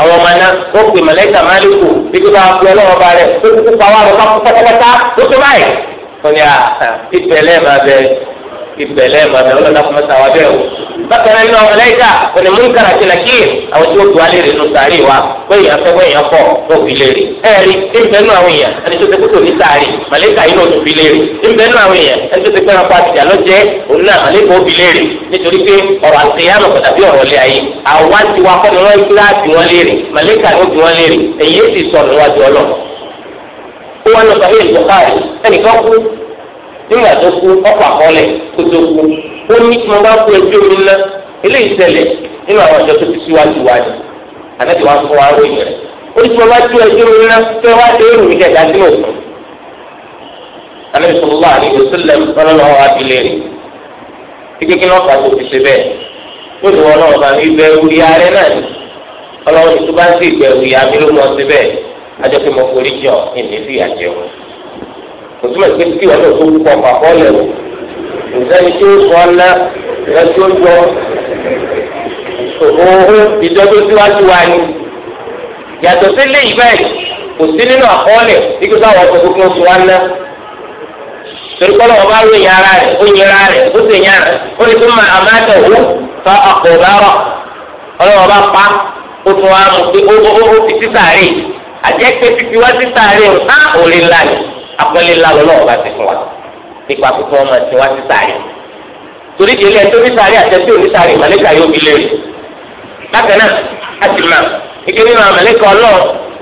[SPEAKER 1] àwọn ọmọ náà ó pè mọ̀lẹ́kà máa lékò bíbí bá fi ọlọ́wọ́ bá rẹ̀ ó kúkú pa wà lọ́kọ́ pátápátá ó tó báyìí. ó ní à ah, ìbẹ̀lẹ̀ máa bẹ ìbẹ̀lẹ̀ màdà ọlọ́dà fún mẹ́ta wa bẹ́ẹ̀ o. bákan náà nínú àwọn ẹlẹ́yìká òní múnkàrà àti nàkíyè àwọn tí ó tu alẹ́ rẹ̀ nù sàárì wa bóyá fẹ́ bóyá fọ́ tó fi léèrè. ẹ rí ìbẹ̀ nù àwọn èèyàn ẹni tó ti kú tó ní sàárì màlẹ́kà yìí náà tó fi léèrè. ìbẹ̀ nù àwọn èèyàn ẹni tó ti pẹ́ràn pa àtìjà lọ́jẹ́ òun náà màlẹ́kà ó fi léèrè nítorí pé ọ̀rọ̀ àtìyánu nígbà tó kú ọkọ̀ àkọọ́lẹ̀ kó tó kú ó ní kí mo bá kú ẹjọ́ mi ná eléyìí ṣẹlẹ̀ nínú àwọn ọjọ́ tó ti síwájú wa ni ànábi wa fún wa ròyìn rẹ̀ ó ní kí mo bá kú ẹjọ́ mi ná fẹ́ wá dé èrò mi kẹta sínú òkun ànábi sọlọ́lá àdìgbò sílẹ̀ ọlọ́lọ́ wa fi lè rìn kíkẹ́ kí lọ́ọ̀kà tó fi ṣe bẹ́ẹ̀ ó ní wọn náà bá mi bẹ orí ààrẹ náà ni ọlọ́run tó bá ń sì gbẹ̀rù ìyá kò túmọ̀ sí kí wọ́n lọ tó kú ọ̀pọ̀ àkọọ́lẹ̀ o ìsẹ́ni tí ó sọ ọ́nà ìrẹ́ tí ó jọ òhun ìjọ tó síwájú wa ni yàtọ̀ sí lé ìbẹ́ kò sí nínú àkọọ́lẹ̀ ikú sáwọn ọkọ̀ tuntun sọ ọ́nà torí kọ́lọ́ ọba ló yin ara rẹ̀ ó yin ara rẹ̀ ó sì yin ara rẹ̀ ó ní kí máa máa tẹ̀ wú fa ọkọ̀ ọ̀bárọ̀ ọlọ́wọ́ bá pa ó tún wá mú pé ó fi sísàárè àjẹ́ pé fífi wá sísàárè ó ò lè la yìí akọ́lé ńlá lọ́wọ́ bá ti fún wa nípa kókó ọmọ tí wọ́n ti sáré torí délé ẹni tó ní sáré àtẹ́tí òní sáré màlẹ́kà yóò fi léèrè bákan náà a ti mọ̀ ike nínú àmàlẹ́kà ọlọ́ọ̀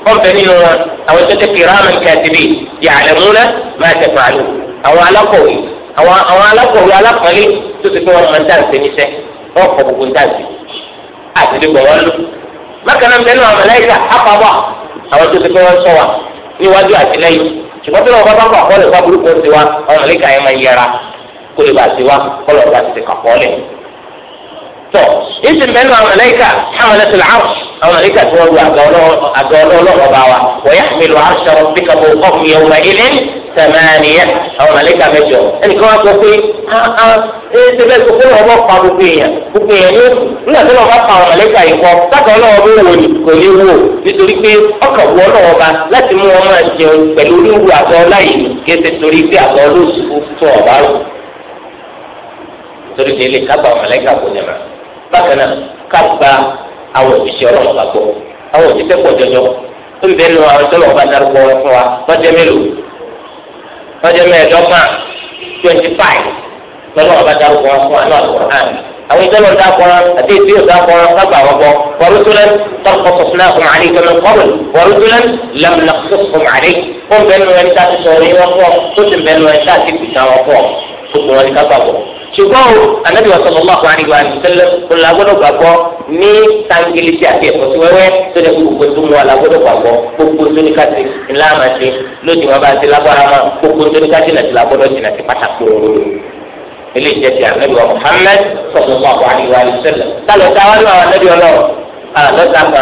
[SPEAKER 1] kọ́ńpẹ́ nínú wọn àwọn tó ti kìrọ́ àmì kẹ́tìbì yàlẹ́múlẹ́ máa tẹ̀ fàálù àwọn alákọ̀wé àwọn àwọn alákọ̀wé alákọ̀wé tó ti fún wọn máa ń dáǹsẹ̀ níṣẹ́ wọ́n kọ̀ gbogbo dáǹsẹ̀ àti lè bọ̀ lò bákan náà bẹ́ẹ̀ nínú ṣùgbọ́n tí wọ́n bá bá kọ́ àkọọ́lẹ̀ fún aburú kan tiwa ọ̀nà lẹ́ka ẹ̀ máa yẹra kó lè bá tiwa kọ́ lọ́ọ́ bá ti kàkọ́ọ́lẹ̀ tọ ìsìn mẹ́nu àwọn mẹlẹ́kà àwọn ẹlẹ́sìn làwọn àwọn mẹlẹ́kà tí wọ́n lu àgọ́ ọlọ́wọ́ bá wa wọ́n yà mílò àṣọrọ bí kàbọ̀ ọ̀hún yẹn wọ ilé tẹ̀mẹ́niyẹ àwọn mẹlẹ́kà mẹ́jọ ẹnì kan wá sọ pé hàn ah, ah, ṣe bẹ́ẹ̀ sọ pé wọ́n bọ́ pa gbogbo èèyàn gbogbo èèyàn yóò nígbà tí wọ́n bá pa àwọn mẹlẹ́kà yìí kọ́ sákàá ọlọ́wọ́ bó wò ní kò ní wò nítorí pé ọkàn bákan náà ká gba àwọn òṣìṣẹ́ ọlọ́run bá gbọ́ àwọn òṣìṣẹ́ pọ̀ jọjọ ó ń bẹ́ẹ̀ nu àwọn tó lọ́ọ́ bá darúgbọ́ wọn fún wa lọ́jọ́ mélòó lọ́jọ́ mẹ́ẹ̀ẹ́dọ́gbọ̀n twenty five lọ́lọ́wọ́ bá darúgbọ́ wọn fún wa náà lọ́wọ́ àná àwọn ìjọba dákọ̀ọ́ àti ìdí òdákọ̀ọ́ kábà wọn bọ̀ wàrúdúlẹ̀ tọkọtọ̀fúnà fún àlẹ́ ìjọba fún àlẹ́ fún bẹ́ẹ̀ nu ẹni tá a ti sọ̀rọ̀ yín wọn bẹ́ẹ̀ nu ẹni tá ṣùgbọ́n o anabi wa sọ̀rọ̀ ọmọ àkùnrin wa ṣẹlẹ̀ ọ̀la gbọ́dọ̀ gbàgbọ́ ní sangilisi àti ẹ̀kọ́ tí wẹ́wẹ́ tó lè kú gbogbo tó mú ọ̀la gbọ́dọ̀ gbàgbọ́ gbogbo tó ní káṣí ńlá àmà ṣe lóde wọn bá ṣe lágbára mọ́ gbogbo tó ní káṣí nàti làgbọ́dọ̀ jìnà sí pàtàkì òru ilé ìjẹ ti anabi wa Muhammad sọ̀rọ̀ ọmọ àkùnrin wa kálọ̀ táwọn anabi ọlọ́run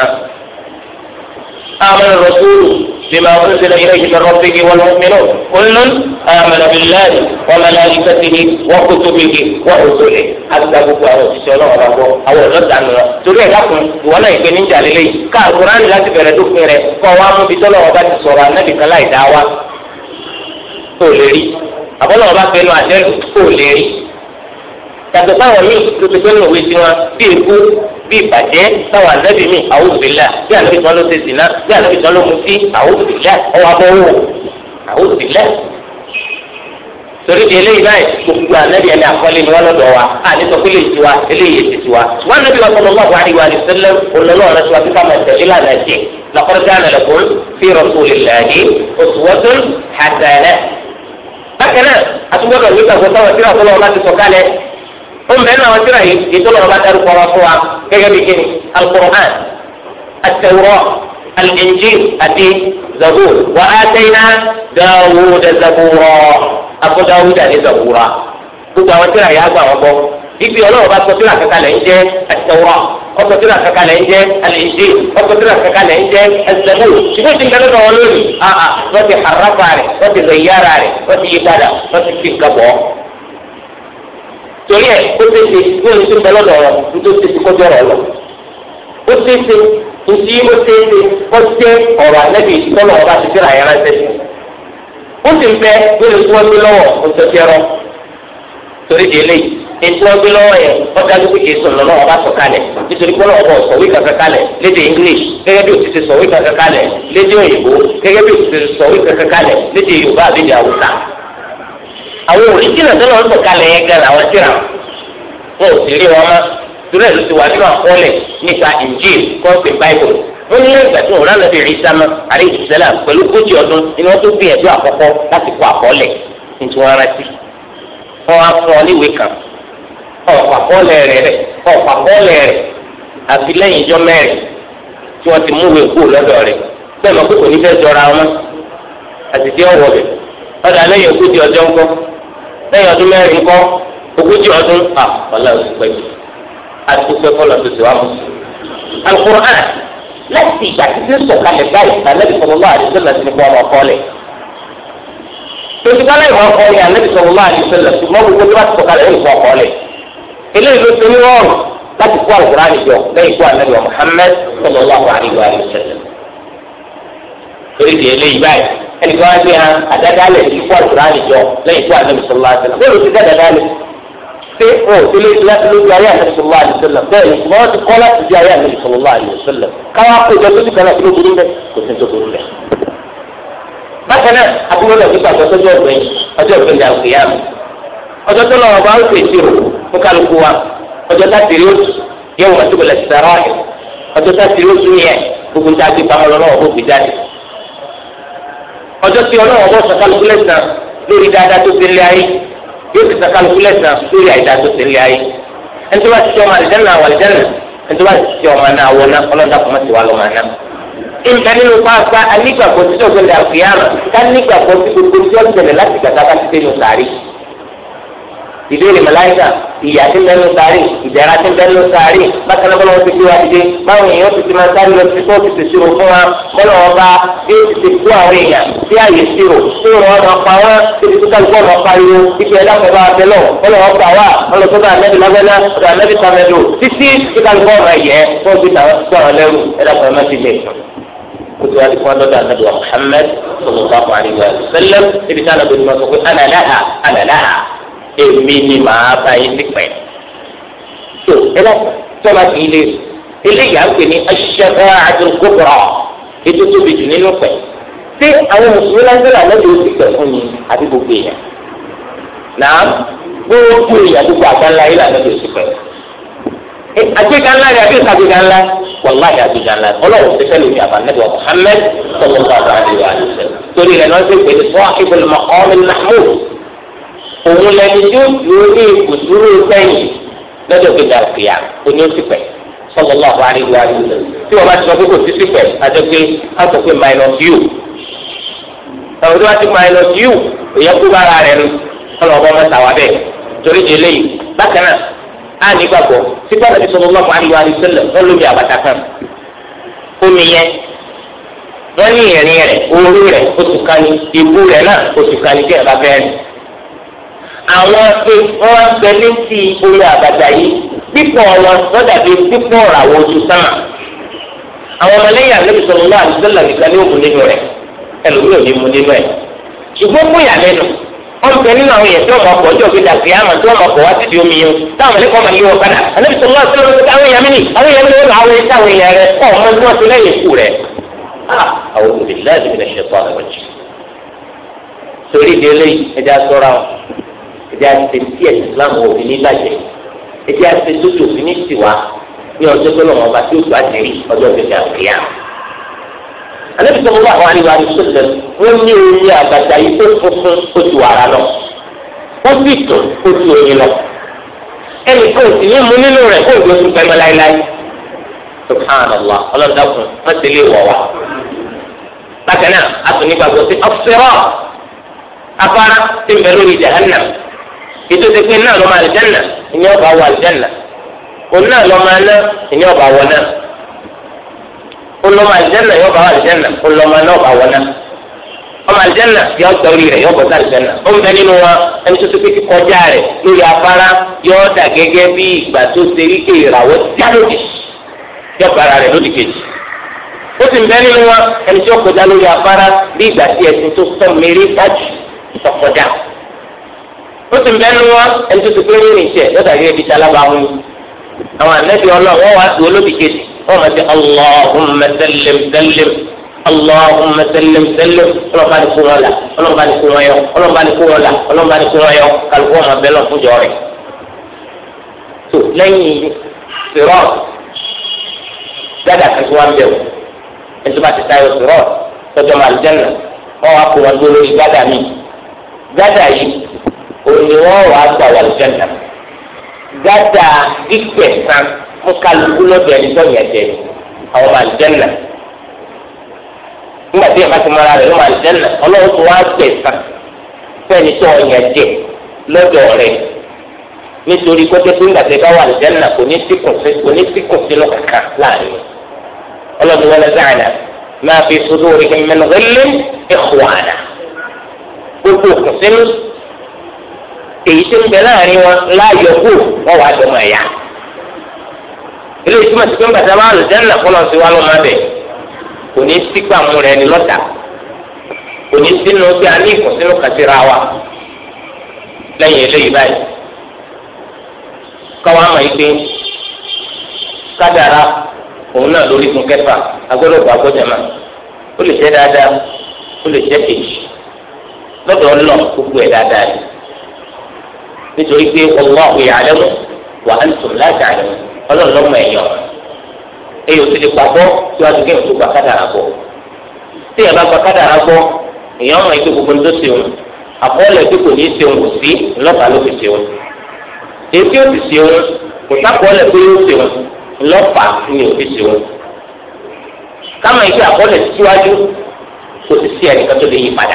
[SPEAKER 1] àlọ́ بما أنزل إليه من ربه والمؤمنون كل آمن بالله وملائكته وكتبه ورسله حتى بكرة وتسأل الله أو الرد عنه تري لكم ولا يكون إن جعل لي كالقرآن لا تبرد فيه قوام بطلع وبات الصورة النبي كلا يدعوى تولي أقول الله بات بينه عجل تولي yàtọ̀ sáwọn míì tó ti fẹ́ lọ́wọ́ etí wọn bí eku bí ìbàjẹ́ sáwọn ànábì míì àwòsílà bí ànábì tí wọn ló ṣe sìnà bí ànábì tí wọn ló mutí àwòsílà ọwọ́ abọ́wọ́ àwòsílà torí di eléyìí báyìí gbogbo ànábì ẹni àkọlé ni wọn lọ́dọ̀ wa àní sọ pé lè ti wa eléyìí èsì ti wa wọn ànábì wa sọlọ lọ́wọ́ àríwá wa ti sábà tẹ̀lé lànà jẹ lọ́kọ́rọ́dá àná lẹ́kùn fi rasulillahi uswatun hasanah. bákan wọn sọlọ sọ kálẹ̀ ó ń bẹ náà wọn tíra yìí ètò lọ́wọ́ bá dárúkọ wọn fún wa gẹ́gẹ́ bí kíni alukur'an atẹwúrọ alìjì àti zabur wà á tẹ́yìnà dáwúdà zaburọ abúdáwúdà ní zabura gbogbo àwọn tíra yìí á gbà wọn bọ ibi ọlọ́wọ́ bá sọ tíra kankan lẹ́yìn jẹ́ atẹwúrọ ọsọ tíra kankan lẹ́yìn jẹ́ alìjì ọsọ tíra kankan lẹ́yìn jẹ́ zabur ṣùgbọ́n ti kẹ́lẹ́ náà wọn lónìí ah ah wọ́n ti harafa rẹ̀ wọ́n ti zẹ̀yára rẹ̀ wọ́n ti yí padà wọ́n ti fi nǹkan bọ̀ ọ́ torí ẹ̀ ó ṣe ṣe ní oṣù tó ń bẹ lọ́dọ̀ ọ̀rọ̀ nítorí ṣe ti kọjọ́ ọ̀rọ̀ lọ. ó ṣe ṣe ìṣí ó ṣe ṣe ó ṣe ọ̀rọ̀ àlẹ́bí ìṣọ́nà ọba ti fẹ́ràn àyàrá ṣe ṣe. ó sì ń bẹ nínú tí wọ́n gbé lọ́wọ́ oṣooṣi ẹ̀rọ torí di eléyìí èyí tí wọ́n gbé lọ́wọ́ yẹn wọ́n dájú pé kì í sùn lọ́wọ́ ọba sọ kalẹ̀ nítorí pé ọlọ́wọ́ sọ̀wé kankan kalẹ̀ lédè English gẹ́gẹ́ bí òtítì sọ̀wé kankan kalẹ̀ lédè òyìnbó gẹ́gẹ́ bí òtítì sọ̀wé kankan kalẹ̀ lédè Yorùbá àbí èdè Haúsá àwọn òrìjìnà tó lọ́wọ́ sọ̀kalẹ̀ yẹn gan làwọn síra wọn ò sì rí wọn mọ́ torí ẹ̀ ló ti wà nínú àkọọ́lẹ̀ nípa Injil kọ́ńpì Bible wọ́n ní lẹ́yìn ìgbà tí wọ́n rán lọ́dọ̀ ìrísá mọ́ àríyí sẹ́lá pẹ̀lú ogójì ọdún ni wọ́n tó gbìyànjú àkọ́kọ́ láti kọ àkọọ́lẹ̀ nítorí wọn rántí. wọ́n á fún ọ níwèé kan ọ̀pọ̀ àkọọ́lẹ̀ rẹ̀ rẹ̀ ọ̀pọ̀ àkọọ́lẹ̀ rẹ̀ àfi lẹ́yìn ijọ́ mẹ́rin tí wọ́n ti múwèé kú lọ́dọ̀ rẹ̀ bẹ́ẹ̀ mọ̀ pé kò ní fẹ́ jọra wọn àtìtì ọ̀wọ̀ bẹ̀ ọ̀dà lẹ́yìn ogójì ọjọ́ ńkọ́ lẹ́yìn ọdún mẹ́rin kọ́ ogójì ọdún à wàlá òsì pẹ́ jù àti pípẹ́ kọ́lọ̀ tó ti wá mú sí. alukur'an láti ìgbà tí ti sọ̀kalẹ̀ báyìí alẹ́bí sọ̀rọ̀ lọ́wọ́ àdìsẹ́lẹ̀ ti ní kọ́ ọmọ kọ́lẹ̀. tòṣìkọ́ lẹ́yìn wọn kọ́ ni alẹ́bí sọ̀rọ̀ lọ́wọ́ àdìsẹ́lẹ̀ ṣùgbọ́n gbogbo tó bá ti sọ̀kalẹ̀ yóò fọ́ kọ́lẹ̀. eléyìí ló ṣe ní láti kó alukur'an jọ lẹ́yìn kó alẹ́bí wa Muhammad sọ̀rọ̀ lọ́wọ́ àdìsẹ́lẹ̀ ẹnìkan wá gbé hàn àdádálẹ̀ tí kó àlùkùránì jọ lẹ́yìn tó ànábì sọlá àtẹlẹ bẹ́ẹ̀ ló ti dá àdádálẹ̀ ṣé o ò tẹ́lẹ̀ ti láti lójú ayé ànábì sọlá àtẹlẹ bẹ́ẹ̀ ni ṣùgbọ́n wọ́n ti kọ́ láti di ayé ànábì sọlá àtẹlẹ káwá kó jọ tó ti kan láti lójú níbẹ̀ kò sí tó burú bẹ́ẹ̀. bákan náà abúlé náà nípa àgbẹ̀ sọ́jọ́ ọ̀gbẹ́ ọjọ́ ọ̀gbẹ́ ni àgbéyàmù ọjọ́ tó lọ́wọ́ bá ń pèsè o fún kálukú wa ọjọ́ láti rí oṣù yẹ ọjọ́ láti rí ọjọ́ tí ọlọ́wọ́ bọ́ sọ kálukú lẹ́sàn lórí dáadáa tó ti ń lé ayé yóò ti sọ kálukú lẹ́sàn lórí àìdáa tó ti ń lé ayé ẹni tó bá ti ṣe ọmọ àlìjẹ́nà àwọn àlìjẹ́nà ẹni tó bá ti ṣe ọmọ náà wọ náà ọlọ́dà kò ti wà lọ́mọ náà. ìgbà nínú pápá anígbàgbọ́ tí ó gbẹ̀lẹ̀ àfihàn ká nígbàgbọ́ tí gbogbo tí gbẹ̀lẹ̀ láti gbàgbá ìbéèrè mẹláìkà ìyá tí ń bẹnu sáré ìjàrá tí ń bẹnu sáré bákan náà bọ́lá ti gbé wa dìde báwọn èèyàn ti ti máa sáré lọ sí kóòtù ti ṣòro fún wa bọ́lá wọn bá bí ó ti ti kú àwọn èèyàn sí àyè sí o tí wọn máa pa wọn títí tó kálukú ọmọ pariwo ibi ẹ̀dá kan bá abẹ lọ bọ́lá wọn pa wá bọ́lá tó bá anẹ́bí lágbẹ́lá ọ̀dọ̀ anẹ́bí sàmẹ́lò títí tó kálukú ọmọ ẹ̀yẹ fún bí táwọn lẹ́rù ẹ̀dá kan má ti lè kutu ati kwan lọ́dọ̀ anabi wa muhammed sallallahu alayhi wa sallam ibi tí anabi ma sọ pé ana laha ana laha èmi ni màá bá yín nípẹ́ tó ẹ lọ tọ́lá kì í lè eléyìí à ń pè ní ash-shafa'atul kubra ètò tóbi jù nínú pẹ̀ tí àwọn mùsùlùmí lágbára lọ́dọ̀ ó ti pẹ̀ fún mi àti gbogbo èèyàn náà gbogbo èèyàn gbogbo àgbáńlá yìí làlọ́dọ̀ ó ti pẹ̀ àgbéga ńlá rẹ̀ àbí ìsàgbéga ńlá wàllá rẹ̀ àgbéga ńlá ọlọ́run ti fẹ́lẹ̀ ìyàbá nẹ́bọ̀ Muhammad sallallahu alaihi wa sallam torí rẹ̀ lọ́sẹ̀ pé ní sọ́ọ́ òun lẹni tí ó dúró ní ìkùsùrù sẹ́yìn lọ́jọ́ kejì àkùyà oní òsìpẹ̀ sallallahu alaihi wa sallam tí wọ́n bá ti sọ pé kò sí sípẹ̀ àjọpé àjọpé minus u àwọn tí wọ́n ti minus u òye kú bára rẹ̀ nu kọ́lọ̀ ọ̀bọ mẹ́ta wà bẹ́ẹ̀ torí di eléyìí bákan náà á ní gbàgbọ́ sípẹ́ àti sallallahu alaihi wa sallam wọ́n lómi àbàtà kan omi yẹn wọ́n ní ìrìn rẹ̀ ooru rẹ̀ oṣù kan ní ìbú rẹ̀ náà oṣù kan ní kí ẹ̀ bá bẹ́ẹ̀ àwọn pé wọ́n wá gbẹ létí orí àgbàdà yìí pípọ̀ wọn wọ́n dàbí pípọ̀ ràwọ̀ ojú sáà àwọn ọmọlẹ́yìn àlẹ́bí sọ̀rọ̀ náà àdìsẹ́là nìkan ní òmù nínú rẹ̀ ẹlòmíì ò ní mu nínú ẹ̀ ṣùgbọ́n fún ìyàlẹ́nu wọ́n bẹ nínú àwọn èèyàn tí wọ́n mọ̀ pọ̀ ọjọ́ òbí dàgbé àmọ̀ tí wọ́n mọ̀ pọ̀ wá síbi omi yẹn táwọn ẹlẹ́kọ̀ọ́ máa yí wọn padà àlẹ́bí sọ̀rọ̀ náà sọ̀rọ̀ pé àwọn èèyàn mi ni àwọn èèyàn mi ni ẹjẹ àti tí ẹsìn islam wò fi ní bàjẹ́ ẹjẹ àti tójú òfin ní tiwa ní ọjọ́ tó lọ́wọ́ ọba tí ó tó àjẹrí ọjọ́ ìgbésẹ̀ àkúyà. alẹ́ bí sọ́kọ́ àwọn àríwá ni sọ́dọ̀ wọ́n ní orí àgbàdá yìí tó funfun ó ti wàrà lọ wọ́n sì tún ó ti oyin lọ ẹnì kan ò sì ní mú nínú rẹ̀ kó ìgbésù bákan náà a tún nígbàgbọ́ sí
[SPEAKER 2] afárá tí ń bẹ lórí jahannam
[SPEAKER 1] ètò ìsèpé náà lọ́mọ àlìjẹ́nà ìyẹn ọba wọ àlìjẹ́nà
[SPEAKER 2] òun náà lọ́mọ aná ìyẹn ọba wọ náà
[SPEAKER 1] òun lọ́mọ àlìjẹ́nà ìyẹn ọba wọ àlìjẹ́nà òun lọ́mọ aná ọba wọ náà ọmọ àlìjẹ́nà yọ sọrí rẹ̀ yọ bọ̀sá àlìjẹ́nà ó ń bẹ nínú wa ẹni tó sèpé ti kọjá rẹ̀ lórí afárá yọ dà gẹ́gẹ́ bí ìgbà tó ṣe rí pé ìràwọ̀ jálòdì yọ bàrà rẹ̀ lódì kejì ó sì ń bẹ nínú wa ẹni tó kọjá lórí afárá bí ìgbà tí ẹ̀sìn tó sọ mẹ́rin dájú sọ kọjá ó sì mẹ́nu wọn ẹni tó ti pé rírìn tiẹ̀ lọ́dà gẹ́gẹ́ bíi sálábà mú àwọn ànábì ọlọ́run wọ́n wá sí olóbì kejì wọ́n máa ti allahumma sallim sallim allahumma sallim sallim ọlọ́ba ni kú wọn la ọlọ́ba ni kú wọn ti táyọ̀ sirọ́ọ̀ tọ́jọ́ máa lè jẹ́ nà wọ́n wá kó wọn dúró mi gádà yìí òní wọn wàá gbà wà lùjẹ́nà gàdà ìgbẹ̀sán mú kálukú lọ́dọ̀ ẹni tó yẹn jẹ àwọn máa lùjẹ́nà nígbà tí ìfà ti mara rẹ̀ ló máa lùjẹ́nà ọlọ́run tó wàá gbẹ̀sán fẹ́ni tó yẹn jẹ lọ́dọ̀ rẹ̀ nítorí kọ́tẹ́ pé ńgbà tí ìfà wà lùjẹ́nà kò ní síkùn sínú kankan láàrin
[SPEAKER 2] ọlọ́run wọn lọ́dọ̀
[SPEAKER 1] àná máa fi sódò orí kí mẹ́nu gbogbo òkùnfẹ́nu èyí tí ń bẹ láàrin wọn láàyò kù wọn wà á dọmọ ẹ̀yà ilé ìtumọ̀ sí pé ń bàtà máa lò jẹ́nà kọ́ lọ́ọ́ sí wa lọ́ọ́ máa bẹ̀ kò ní sí gbàmú rẹ ni lọ́tà kò ní sínú pé a ní ìkùnsínú kàtìrà wa lẹ́yìn eléyìí báyìí káwọn àmọ̀ yìí pé kádàrá òun náà lórí fún kẹfà agbọ́dọ̀ bá gbọ́dọ̀ ó lè jẹ́ dáadáa ó lè jẹ́ kejì lọ́dọ̀ ọlọ́ gbogbo ẹ̀ dáadáa yìí nítorí pé wallahu ya'lamu wa antum la ta'lamun ọlọ́run lọ́mọ ẹ̀yàn èyí ò sì lè pàbọ́ tí wàá dùgbẹ́ ìtòkà kádàrà bọ̀ tí ẹ̀ bá gba kádàrà bọ̀ èèyàn mọ̀ ike gbogbo tó ṣeun àkọọ́lẹ̀ tí kò ní í ṣeun kò sí ńlọ́pàá ló fi ṣeun èyí tí ó ti ṣeun kò sákọọ́lẹ̀ pé ó ṣeun ńlọ́pàá ni ò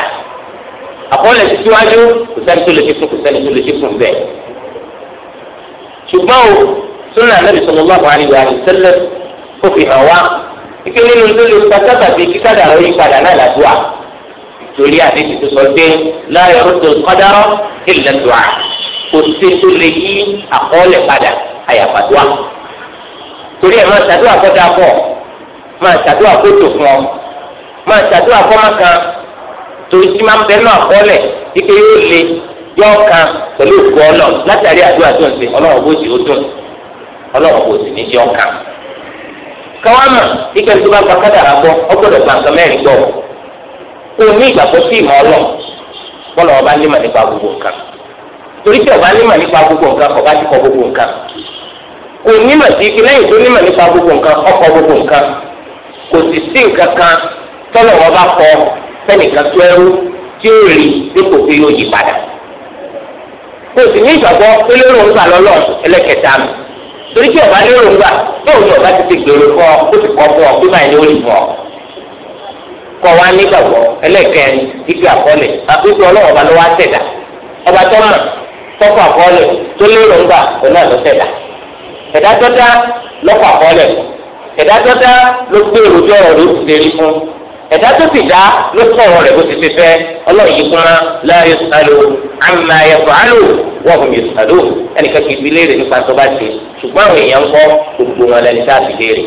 [SPEAKER 1] àkọọ́lẹ̀ ti síwájú kò sẹ́ni tó lè fi fún kò sẹ́ni tó lè fi fún bẹ́ẹ̀. ṣùgbọ́n o sọ́nà ànábì sallallahu alaihi wa sallam ó fi hàn wá ike nínú tó lè pa sábàbí kíkàdà rẹ̀ yí padà náà làdúrà torí àdéhùn tó sọ pé la yaruddu al-qadara illa ad kò sí tó lè yí àkọọ́lẹ̀ padà àyàfàdúrà torí ẹ̀ máa ṣàdúrà kọ́ pọ̀ máa ṣàdúrà kó torí tí máa ń bẹ náà kọ́lẹ̀ ike yóò le yọ kan pẹ̀lú òkú ọlọ́ látàrí àdúrà tó ń ṣe ọlọ́wọ́ bó ti ó dùn ọlọ́wọ́ bó ti ní yọ kan. káwámà ike tó bá gba kádàrà gbọ́ ọgbọ́dọ̀ gba nǹkan mẹ́rin gbọ́ kó ní ìgbàgbọ́ sí ìmọ̀ ọlọ́ bọ́lá ọba nímọ̀ nípa gbogbo nǹkan torí tí ọba nímọ̀ nípa gbogbo nǹkan ọba ti kọ gbogbo nǹkan kò nímọ̀ sí ike lẹ́yìn tó nímọ̀ nípa gbogbo nǹkan ọkọ̀ gbogbo nǹkan kò sì sí nǹkan kan tọ́lọ̀ wọn bá kọ sẹ́nìkan tó ẹrú tí ó rí dípò pé yóò yí padà kò sì ní ìgbàgbọ́ pé lérò ń gbà lọ́lọ́ ẹlẹ́kẹta mi torí kí ọba lérò ń gbà bóun ni ọba ti ti gbèrò fún ọ ó ti kọ́ fún ọ pé báyìí ni ó lè fún ọ kọ́ wa nígbàgbọ́ ẹlẹ́kẹrin ibi àkọọ́lẹ̀ àkókò ọlọ́wọ́ ba ló wá tẹ̀dá ọba tó mọ̀ tọ́kọ̀ àkọọ́lẹ̀ tó lérò ń gbà kò náà ló tẹ̀dá ẹ̀dá tó ẹ̀dá tó ti dá ló sọ̀rọ̀ rẹ̀ bó ti ti fẹ́ ọlọ́run yìí kúnra láàyè sàlù àmà ẹ̀fọ́ àlù wọ́n kò yẹ sàlù ẹnìkan kì í fi léèrè nípa tó bá ti ṣùgbọ́n àwọn èèyàn ń kọ́ gbogbo wọn lẹni tá a ti léèrè.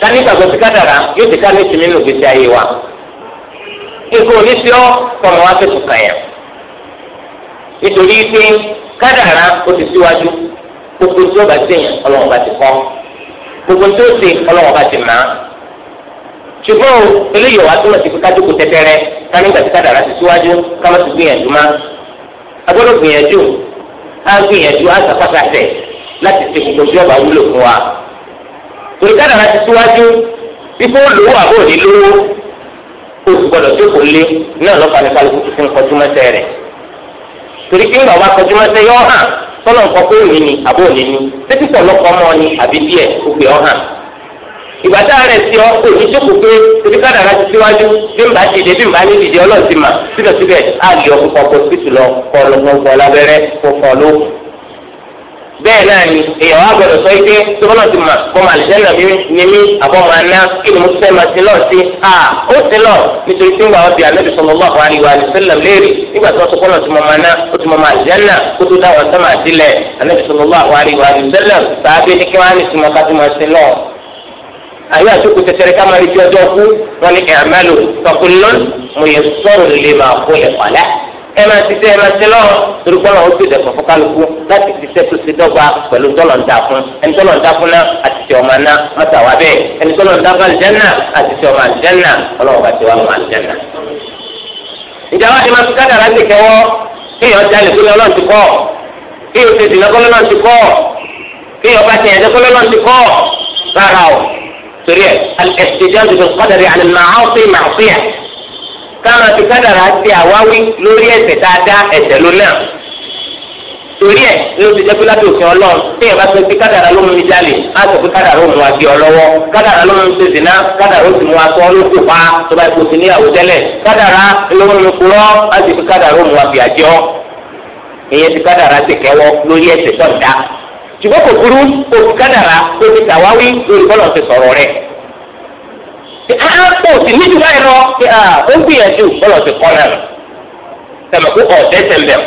[SPEAKER 1] sani gbàgbọ́ ti kádàrá yóò ti ká ní tìmí nù gbèsè ayé wa. ikú oníṣẹ́ ọ́ kọ̀mọ̀ wá fẹ́ tùkà yẹn. nítorí pé kádàrá ó ti síwájú gbogbo tí bá ti yàn ọlọ́run bá ti kọ́ ṣùgbọ́n o eléyìí wàá túmọ̀ sí pé kájókò tẹ́tẹ́rẹ́ ká nígbà tí kádàrá ti síwájú ká má ti gbìyànjú má. a gbọ́dọ̀ gbìyànjú á gbìyànjú á sàpàtà tẹ̀ láti ṣe gbogbo tí ọba wúlò fún wa. torí kádàrá ti síwájú ipò lówó àbò ní lówó oṣù gbọ́dọ̀ tó kò lé náà lọ́pàá ní kálukú ti fi ń kọjú mọ́tẹ́ rẹ̀. torí pé ńgbà wa kọjú mọ́tẹ́ yọ ìgbàdá rẹ̀ sí ọ kò ní jókòó pé ebi kádàrá ti síwájú bí n bá ti dé bí n bá ní dìde ọlọ́run ti mà síbẹ̀síbẹ̀ á lè ọkọ̀ kọ̀ọ̀kọ̀ síbìtì lọ kọ́ ọlọ́gbọ̀n ọlábẹ́rẹ́ kó fọ́ ló. bẹ́ẹ̀ náà ni èèyàn wá gbọ́dọ̀ sọ ike tó bọ́lá ti mà bọ́ mà lẹ́sẹ̀ náà mi ni mí àbọ̀ mà ná kí ni mo fẹ́ ma ti lọ sí a ó ti lọ nítorí tí wàá bí anabi sallallahu alaihi wa sallam léèrè nígbà tí wọ́n sọ kọ́nà tí mo máa ná ó ti mọ máa jẹ́nà kó tó dáwọn sọ́mà sílẹ̀ anabi sallallahu alaihi wa sallam tàbí ní kí wọ́n á ní sinmi ká tó máa sin lọ ayé àtúkù tẹtẹrẹ ká máa rí fi ọjọ́ kú wọn ni ẹ̀ẹ́mẹ́lò tọkùnlọ́n mo yẹ sọ̀rọ̀ lè máa kó lè pàlẹ́ ẹ máa ti sẹ́ ẹ máa ti lọ́rọ̀ torí pé wọn ó ti dẹ̀kọ̀ láti ti sẹ́ tó ti dọ́gba pẹ̀lú tọ́lọ̀ ń fún ẹni tọ́lọ̀ ń fún náà àti ti ọmọ náà mọ́tà wá bẹ́ẹ̀ ẹni tọ́lọ̀ ń fún àlìjẹ́nà àti ti ọmọ àlìjẹ́nà ọlọ́run bá ti wá mọ́ àlìjẹ́nà. ìjà wa ni máa fi kádàrá ti kẹwọ́ kí èèyàn jalè kó lọ́nà ti kọ́ kí èèyàn ti dìnnà torí ẹ al-ihtijaj bil-qadari 'ala al-ma'asi ma'siyah káwọn ti kádàrá ti àwáwí lórí ẹ̀ṣẹ̀ dáadáa ẹ̀ṣẹ̀ ló náà torí ẹ ló ti jẹ́ pé láti òfin ọlọ́run tí ẹ bá sọ pé kádàrá ló mú mi jalè á sọ pé kádàrá ó mú wa gbé ọ lọ́wọ́ kádàrá ló mú mi ṣe zìnà kádàrá ó sì mú wa sọ ló kó pa tó bá kó sí níyàwó tẹ́lẹ̀ kádàrá ló mú mi kúrọ́ á sì pé kádàrá ó mú wa fìyà jẹ ọ́ ìyẹn ti kádàrá ti kẹ́wọ́ lórí ẹ̀ṣẹ̀ sọ̀dá ṣùgbọ́n kò burú oṣù kádàrá oṣù tàwáwí lórí bọ́lá ọ̀sẹ̀ sọ̀rọ̀ rẹ̀. àpò sì níjú báyìí lọ pé ó ń gbìyànjú bọ́lá ọ̀sẹ̀ kọ́ náà tẹ̀mẹ̀ kó ọ̀sẹ̀ tẹ̀mẹ̀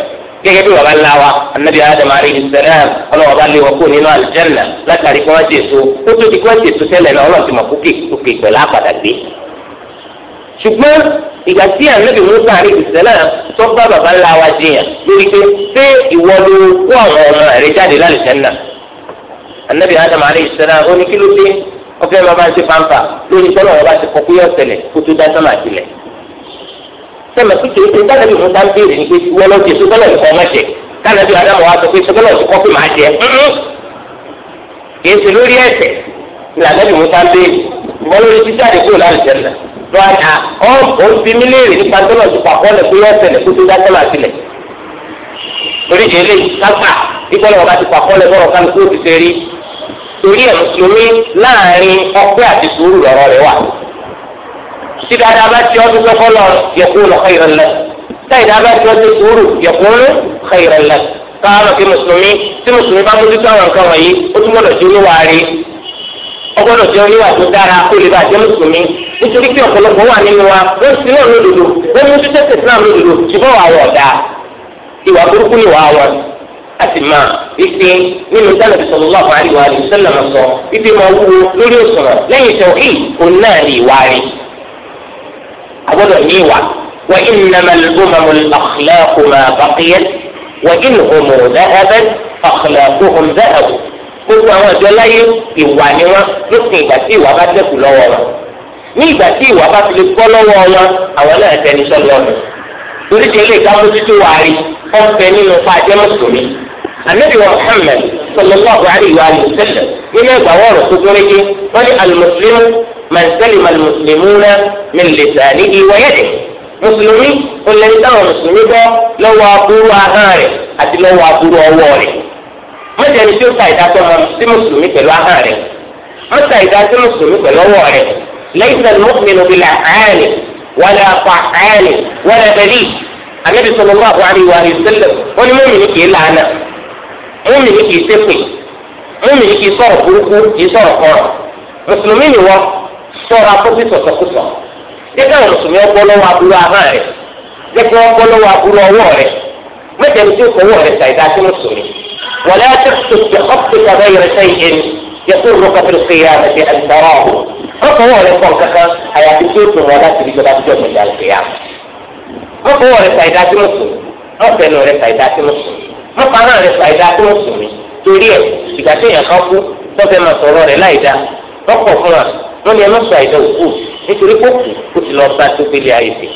[SPEAKER 1] gẹ́gẹ́ bí baba ńlá wa anabi adam aleyhi salam ọlọ́wọ́ bá lé wọn kó nínú aljanna látàrí kí wọ́n ti èso ó tó di kí wọ́n ti èso tẹ́lẹ̀ náà ọlọ́ọ̀tì mọ̀ kókè kókè pẹ̀lú àpàdà ṣùgbọ́n ìgbà tí anabi musa aleyhi salam tó bá baba ńlá wa jiyàn lórí pé ṣé ìwọ ló kó àwọn ọmọ rẹ jáde lálẹ́ anabi adam aleyhi salam ó ní kí ló dé ọfẹ máa bá ń ṣe pampa lórí sọlọ wọn bá ti kọ kúyọ ọsẹlẹ kó dá sọmọ àtìlẹ sẹmọ pípé ètò ìdánilẹ ìmú tá ń béèrè ní pé wọn lọ jẹ sọgbọlọ ìkọ ọmọ jẹ kánàbí adam wa sọ pé sọgbọlọ ìkọ pé máa jẹ kì í ṣe lórí ẹsẹ ìlànà ìmú tá ń béèrè ìwọ lórí jíjáde kúrò láti jẹun lọ́dà ọ́ ò ń fi mí léèrè nípa tó lọ́ọ́ ti pàpọ́ lẹ̀ kúyọ ọsẹlẹ kó tó dá sọmọ àtìlẹ torí kápá ìkọlẹ̀ torí ẹ̀ mùsùlùmí láàrin ọpẹ́ àti sùúrù lọ́rọ̀ rẹ̀ wà. tí dáadáa bá ti ọdún sọ́kọ́ lọ yẹ̀kú lọ khayran lak táyì dáadáa bá ti ọdún sùúrù yẹ̀kú lọ khayran lak káwọn kí mùsùlùmí tí mùsùlùmí bá mójú tó àwọn nǹkan wọ̀nyí ó tún gbọ́dọ̀ jẹ́ oníwà rí ọgbọ́dọ̀ jẹ́ oníwà tó dára kó lè bá jẹ́ mùsùlùmí nítorí pé ọ̀pọ̀lọpọ̀ wà nínú wa wọ́n sì náà lódodo wọ́n mú títẹ́sẹ̀ náà lódodo ṣùgbọ́n wà wọ̀ ọ̀dà ìwà burúkú ni wà wọ̀ ọ̀dà àti máa ìpín nínú sálẹ̀ sallallahu alaihi wa sallam sọ ìpín máa wúwo lórí òṣùwọ̀n lẹ́yìn ìṣòwò yìí kò náà rí ìwà rí agbọ́dọ̀ ní ìwà wa innamal umamul akhlaqu ma baqiyat wa in hum dhahaban akhlaquhum dhahabu gbogbo àwọn ìjọ láyé ìwà ni wọn lópin ìgbà tí ìwà bá dẹ́kù lọ́wọ́ wọn ní ìgbà tí ìwà bá النبي محمد صلى الله عليه وآله وسلم إلى بوار سكره قال المسلم من سلم المسلمون من لسانه ويده مسلمي قل لن ترى مسلمي لو أقول أهاري أتي لو أقول أواري mọ̀tẹ́ ni tí ó ta ìdájọ́ mọ sí mùsùlùmí pẹ̀lú ahọ́n rẹ̀ wọ́n ta ìdájọ́ mùsùlùmí pẹ̀lú ọwọ́ rẹ̀ lẹ́yìn tí wọ́n pinnu bí la ààyè wọ́n lè pa ààyè wọ́n lè bẹ̀rẹ̀ àmì ìdísọ́nù wà wà ní wàhálì sílẹ̀ wọ́n ní mọ̀mí ni kì í lànà múmi ní kìí sépè múmi ní kìí sọ̀rọ̀ burúkú kìí sọ̀rọ̀ kọrọ mùsùlùmí ni wọ́n ṣọ́ra fóbi sọsọkúsọ jẹ́ káwọn mùsùlùmí ọgbọ lọ́wọ́ aburú ahọ́n rẹ̀ jẹ́ kí wọ́n gbọ́ lọ́wọ́ aburú ọwọ́ rẹ̀ mẹ́tẹ̀ẹ́ ní tí ó fọwọ́ rẹ̀ ṣàìdá sí mùsùlùmí wọlé àtẹkùtù ọkùtù kàbẹ yẹrẹ sẹ́yìn ẹni yẹtù rọkà fún kéèyà àti àdìsára ọhún wọ́n fọwọ́ rẹ̀ pọ̀ kankan àyàfi tí ó tún wọn láti rí jọba tó mọ́kàn náà rẹ̀ fàìdá tó ń sùn mí torí ẹ̀ ìgbà tí èèyàn kan kú wọ́n fẹ́ máa sọ̀rọ̀ rẹ̀ láìda lọ́pọ̀ fún wa wọ́n ní ẹ má òkú nítorí pé òkú ó ti lọ bá tó pélé ayé sí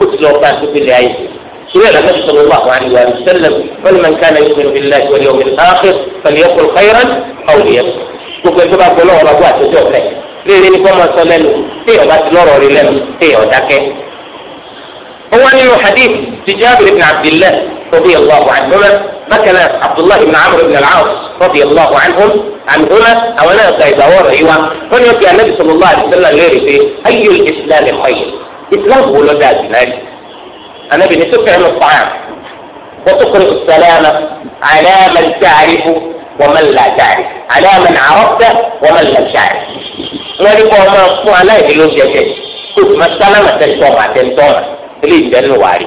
[SPEAKER 1] ó ti lọ bá tó pélé ayé sí سورة النبي صلى الله عليه وسلم فلمن كان يؤمن بالله واليوم الآخر فليقل خيرا أو ليصمت gbogbo ẹgbẹ́ bá gbọ́lọ́wọ́ bá gbọ́ àtijọ́ rẹ̀ rere ni kò máa sọ lẹ́nu téèyàn bá ti رضي الله عنهما مثلا عبد الله بن عمرو بن العاص رضي الله عنهم عنهما أولا سيدور أيوة يا النبي صلى الله عليه وسلم ليري أي الإسلام خير إسلام هو الوداع النبي أنا بنسك عن الطعام وتقرئ السلام على من تعرف ومن لا تعرف على من عرفت ومن لم تعرف ذلك هو ما أصنع لا يجوز يجوز ثم السلام تنتوما تنتوما ليه جنواري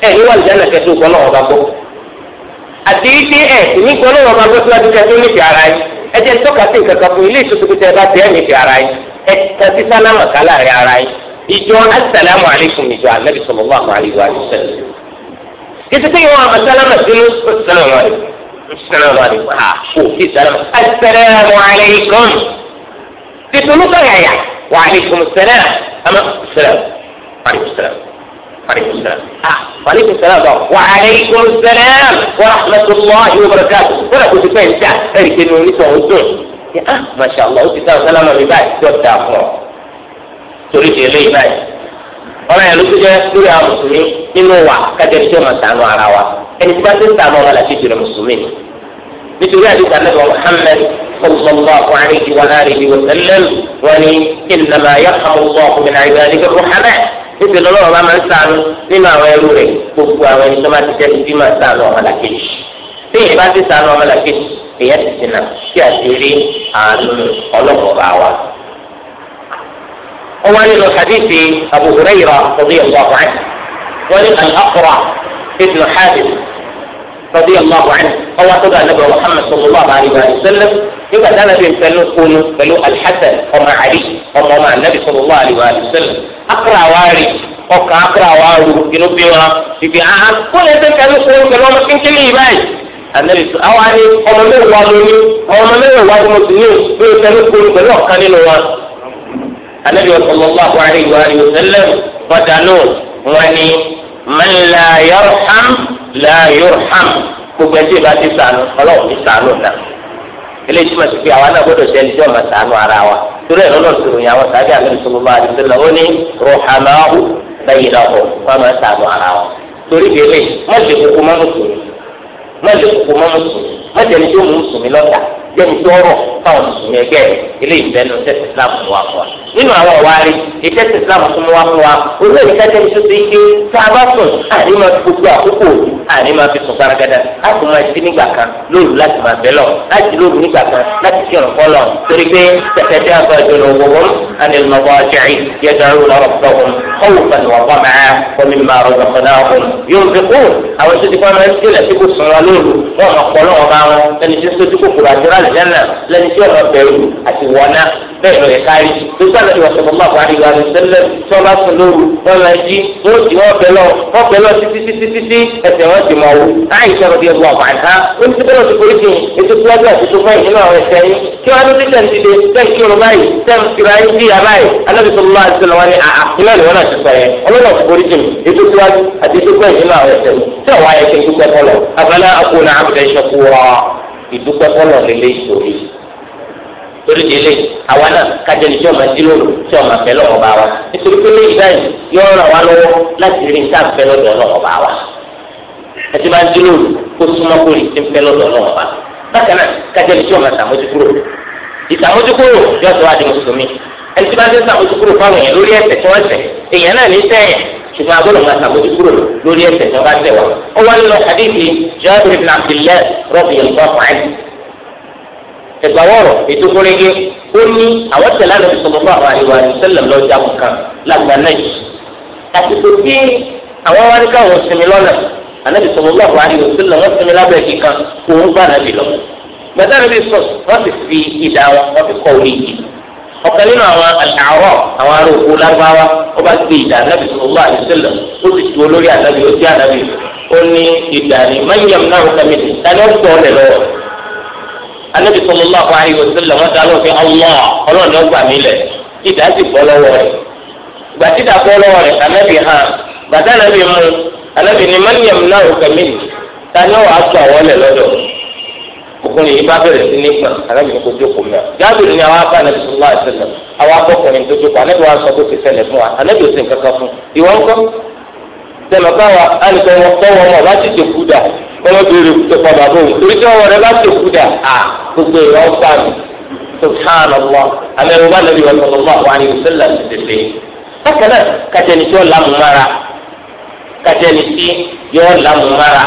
[SPEAKER 1] ẹ ní wàlùjá náà kẹsí ògbọ́n náà ọba gbọ́ àti ibi ẹ sì ní gbọ́n náà ọba gbọ́ síwájú kẹsí ó nífi ara yín ẹ jẹ́ tọ́ka sí nǹkan kan fún ilé ìṣòkòtò tẹ ẹ bá tẹ ẹ nífi ara yín ẹ kà sí sálámà ká láàrin ara yín ìjọ asàlámù alaykum ìjọ anabi sallallahu alayhi wa sallam kìtìkì yìí wọn asàlámù sínú sàlámù alaykum sàlámù alaykum ha kò fi sàlámù asàlámù وعليكم السلام آه. وعليكم السلام وعليكم السلام ورحمة الله وبركاته ولا كنت فاهم ساعة هذه كلمة نسوة والدعم يا آه ما شاء الله قلت سلام سلام من بعد تودع أخوة تريد إليه بعد ọ̀rọ̀ yẹn ló ti jẹ́ lórí àwọn mùsùlùmí nínú wa سعنوا على واحد máa sànú ara wa ẹni tí bá ti ń sànú ọmọ omo صلى الله عليه وآله وسلم ولي إنما يرحم الله من عباده الرحماء níbi lọ́wọ́ bá máa ń sànú nínú àwọn ẹrú rẹ̀ gbogbo àwọn ẹni tó máa ti jẹ́ bíbí máa sànú ọmọlàkejì téèyàn bá ti sànú ọmọlàkejì èèyàn ti sìnà kí àṣírí àánú ọlọ́pàá bá wa. ó wá nínú hadithi Abu Hurayra radiyallahu anhu wọ́n ní al-Aqra ibn Habib radiyallahu anhu ọwọ́ àtọ́gà nàbà nàbẹ̀ akara wa rí ọkàn akara wa ru inú bí wọn bíbí aha kó lè dé kẹlẹ sọ pẹ̀lú ọmọ kínkínní yìí báyìí anabi sọ àwọn àni ọmọ mẹ́wàá lóní ọmọ mẹ́wàá lóní sì ní bí kẹlẹ kó pẹ̀lú ọkàn nínú wọn anabi sallallahu alaihi wa alihi wasallam fọdànù wọn ni man la yarham la yurham gbogbo ẹjẹ bá ti sànù Ọlọ́run ti sànù náà eléyìí túmọ̀ sí pé àwa náà gbọ́dọ̀ ṣe ẹni tí wọ́n máa sànú ara wa torí ẹ̀rọ náà sọ̀rọ̀ yẹn àwọn sàbí àmì ìṣòwòmọ́ àdìsílẹ̀ ó ní rọ̀hánáhù lẹ́yìn lọ́kọ̀ wọ́n máa sànú ara wa torí bèbè má lè kókó má mùsùlùmí má lè kókó má mùsùlùmí má jẹni tó mú mùsùlùmí lọ́tà jẹni tó rọ̀ fáwọn mùsùlùmí ẹgbẹ́ eléyìí bẹ́ẹ̀ ní nínú àwọn ọ̀wárí ìtẹ́sí islam súnmọ́ wá fún wa olú ìtẹ́sí tó ti ké tá a bá sùn àní máa fi gbogbo àkókò àní máa fi sùn gbaragada a kò máa ti nígbà kan lóru láti máa bẹ́ lọ láti lóru nígbà kan láti kí ọ̀rọ̀ fọlọ̀ torí pé tẹ̀tẹ̀tẹ̀ tí kò sùn wọn lóru wọn máa pọ̀ lọ́wọ́ bá wọn lẹ́ni tí sojú kòkòrò àti rálẹ̀ lẹ́nà lẹ́ni tí ọ̀rọ̀ bẹ̀rù bẹ́ẹ̀ lọ yẹ káyé tó sábà ní wàsàn fún bàbá àríwá rẹ sẹlẹ sọlá sùn lóru wọn máa jí wọn jí wọn bẹ lọ wọn bẹ lọ títí títí títí ẹsẹ̀ wọn ti mọ wò láì sọ̀rọ̀ bí ẹgbẹ́ ọba nǹkan ó ní síbẹ̀ lọ́sọ̀ pé ètò síwájú àti tó fẹ́yìn nínú àwọn ẹ̀sẹ̀ kí wọ́n á tẹ̀ ń dìde tẹ̀ ń kírun báyìí tẹ̀ torí délé àwa náà kájọ ní tí ọmọ ẹdí lóru tí ọmọ afẹ lọ́wọ́ bá wa nítorí pé léyìí báyìí yóò ràn wá lọ́wọ́ láti rí nǹkan afẹ lọ́dọ̀ lọ́wọ́ bá wa ẹtí bá ń dí lóru kó súnmọ́ kó rí ti ń fẹ́ lọ́dọ̀ lọ́wọ́ bá bákan náà kájọ ní tí ọmọ ṣàmójúkúrò ìṣàmójúkúrò yóò tó wá di mùsùlùmí ẹtí bá ń dé ṣàmójúkúrò fáwọn èèyàn lórí ẹ̀ṣẹ̀ tí wọn ṣẹ̀ èèyàn náà ní sẹ́yìn ṣùgbọ́n agbọ́dọ̀ máa ṣàbójú kúrò lórí ẹ̀ṣẹ̀ tí wọ́n bá tẹ̀ wá. ó wá nínú hadithi Jabir ibn Abdillah radiyallahu anhu ẹgbàwọrọ ètò kúrẹ́gẹ́ ó ní àwọn tẹ̀lé ànábì sallallahu alaihi wa sallam lọ́jà kan lágbà náà àtìkò tí àwọn wá ní káwọn sinmi lọ́nà ànábì sallallahu alaihi wa sallam wọ́n sinmi lábẹ́ kíkan òun gbà ànábì lọ. gbàtà ànábì sọ wọ́n ti fi ìdá wọn wọ́n fi kọ́ orí yìí. ọ̀kan nínú àwọn àárọ̀ àwọn ará òkú lágbáwá ó bá gbé ìdá ànábì sallallahu alaihi wa ó ti anabi sallallahu alayhi wa sallam wọn dáná fi Allah Ọlọ́run ló gbà mí lẹ ìdá sì bọ́ lọ́wọ́ rẹ̀ gbàtídà bọ́ lọ́wọ́ rẹ̀ anabi hàn bàtà anabi mu anabi ni man yamna'uka minni tani wàá tó àwọn lẹ lọ́dọ̀ ọkùnrin yìí bá bẹ̀rẹ̀ sí ní gbà anabi ni kò jókòó mẹ jábìrì ni àwọn abá anabi sallallahu alayhi wa sallam àwọn abọkùnrin tó jókòó anabi wa sọ pé kìsẹ lẹ fún wa anabi ò sè nǹkan fún ìwọ ńkọ́ tẹlọ káwa alùpùpù wọn tọwọ wọn bá ti tẹkù dà kọlọ béèrè kùtẹ pa bàbá òun torí tọwọ rẹ bá tẹkù dà à gbogbo ìwà ọgbà mi subhanallah amẹnu bá nàbí wọn sọlọ wọn àwọn àyùn sẹlẹ tètè bákan náà kàtẹni tí wọn làmú mara kàtẹni tí yọ làmú mara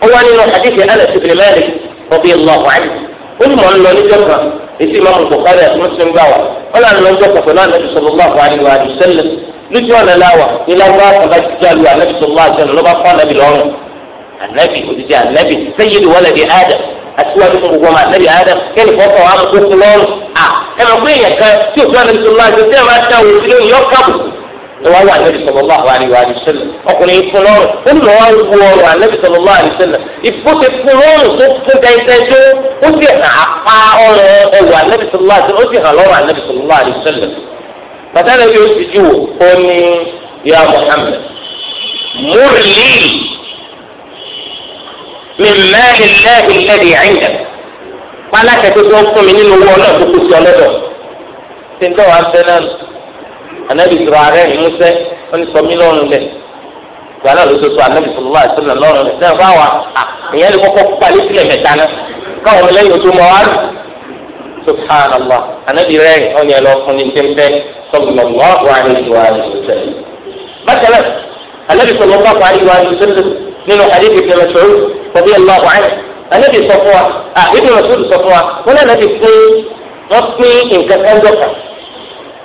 [SPEAKER 1] wọn nínú hadithi Anas ibn Malik radiyallahu anhu wọn mọ nlọ níjọ kan èsì máa mú bọkárẹ Muslim gbà wá wọn lọ lójú ọ̀nà láwà ìlànà àkàbà ti jálu ànábì sọlá àjọyọ̀ lọ́ba fún ànábì lọ́rùn ànábì òdìdí ànábì sẹ́yìn ìwọlẹ̀ di ádàm àtiwájú fún gbogbo ọmọ ànábì ádàm kẹ́ni fọ́fọ́ wa kó fún lọ́rùn à ẹ máa gbé èèyàn kan tí òfin ànábì sọlá àjọyọ̀ tẹ́ ẹ máa dáwọ́ sí lórí yọ káàbùkù ni wà ànábì sọlá àríwá àdìsẹ́lẹ̀ ọkùnrin fún lọ́rùn ó ní wọ́n wọ ọ̀rọ̀ ànábì sọlá àdìsẹ́lẹ̀ ìfọ́sí fún lọ́rùn tó fún dẹ́sẹ́jọ́ ó sì hàn apá ọ̀rọ̀ ẹ̀wọ̀ ànábì sọlá àdìsẹ́lẹ̀ ó sì hàn lọ́rùn ànábì sọlá àdìsẹ́lẹ̀ pàtàkì bí o sì jù ó ní ya Muhammad múrìlì mi mẹ́rin lẹ́yìn lẹ́yìn àyìnbá pálákẹ́ tó tó fún mi nínú owó náà tó kù sí ọlọ́dọ̀ tí ń tọ́wọ́ afẹ́ náà anabi sọ̀rọ̀ ààrẹ ìmúṣẹ́ wọ́n sọ mí lọ́rùn lẹ̀ gbàdá ló sọ sọ anabi sọ̀rọ̀ wá sílẹ̀ lọ́rùn lẹ̀ náà fáwọn ìyẹn lè kọ́kọ́ palẹ̀ sílẹ̀ mẹ́ta náà káwọn ọmọ lẹ́yìn mọ́ wá rù subhanallah anabi rẹ̀ ọ̀nyẹ̀ lọ fún ní tẹ́ńtẹ́ صلى الله عليه وآله وسلم مثلا النبي صلى الله عليه وآله وسلم من حديث ابن مسعود رضي الله عنه النبي صفوة آه ابن مسعود صفوة هنا النبي سي نصني إن كان زكا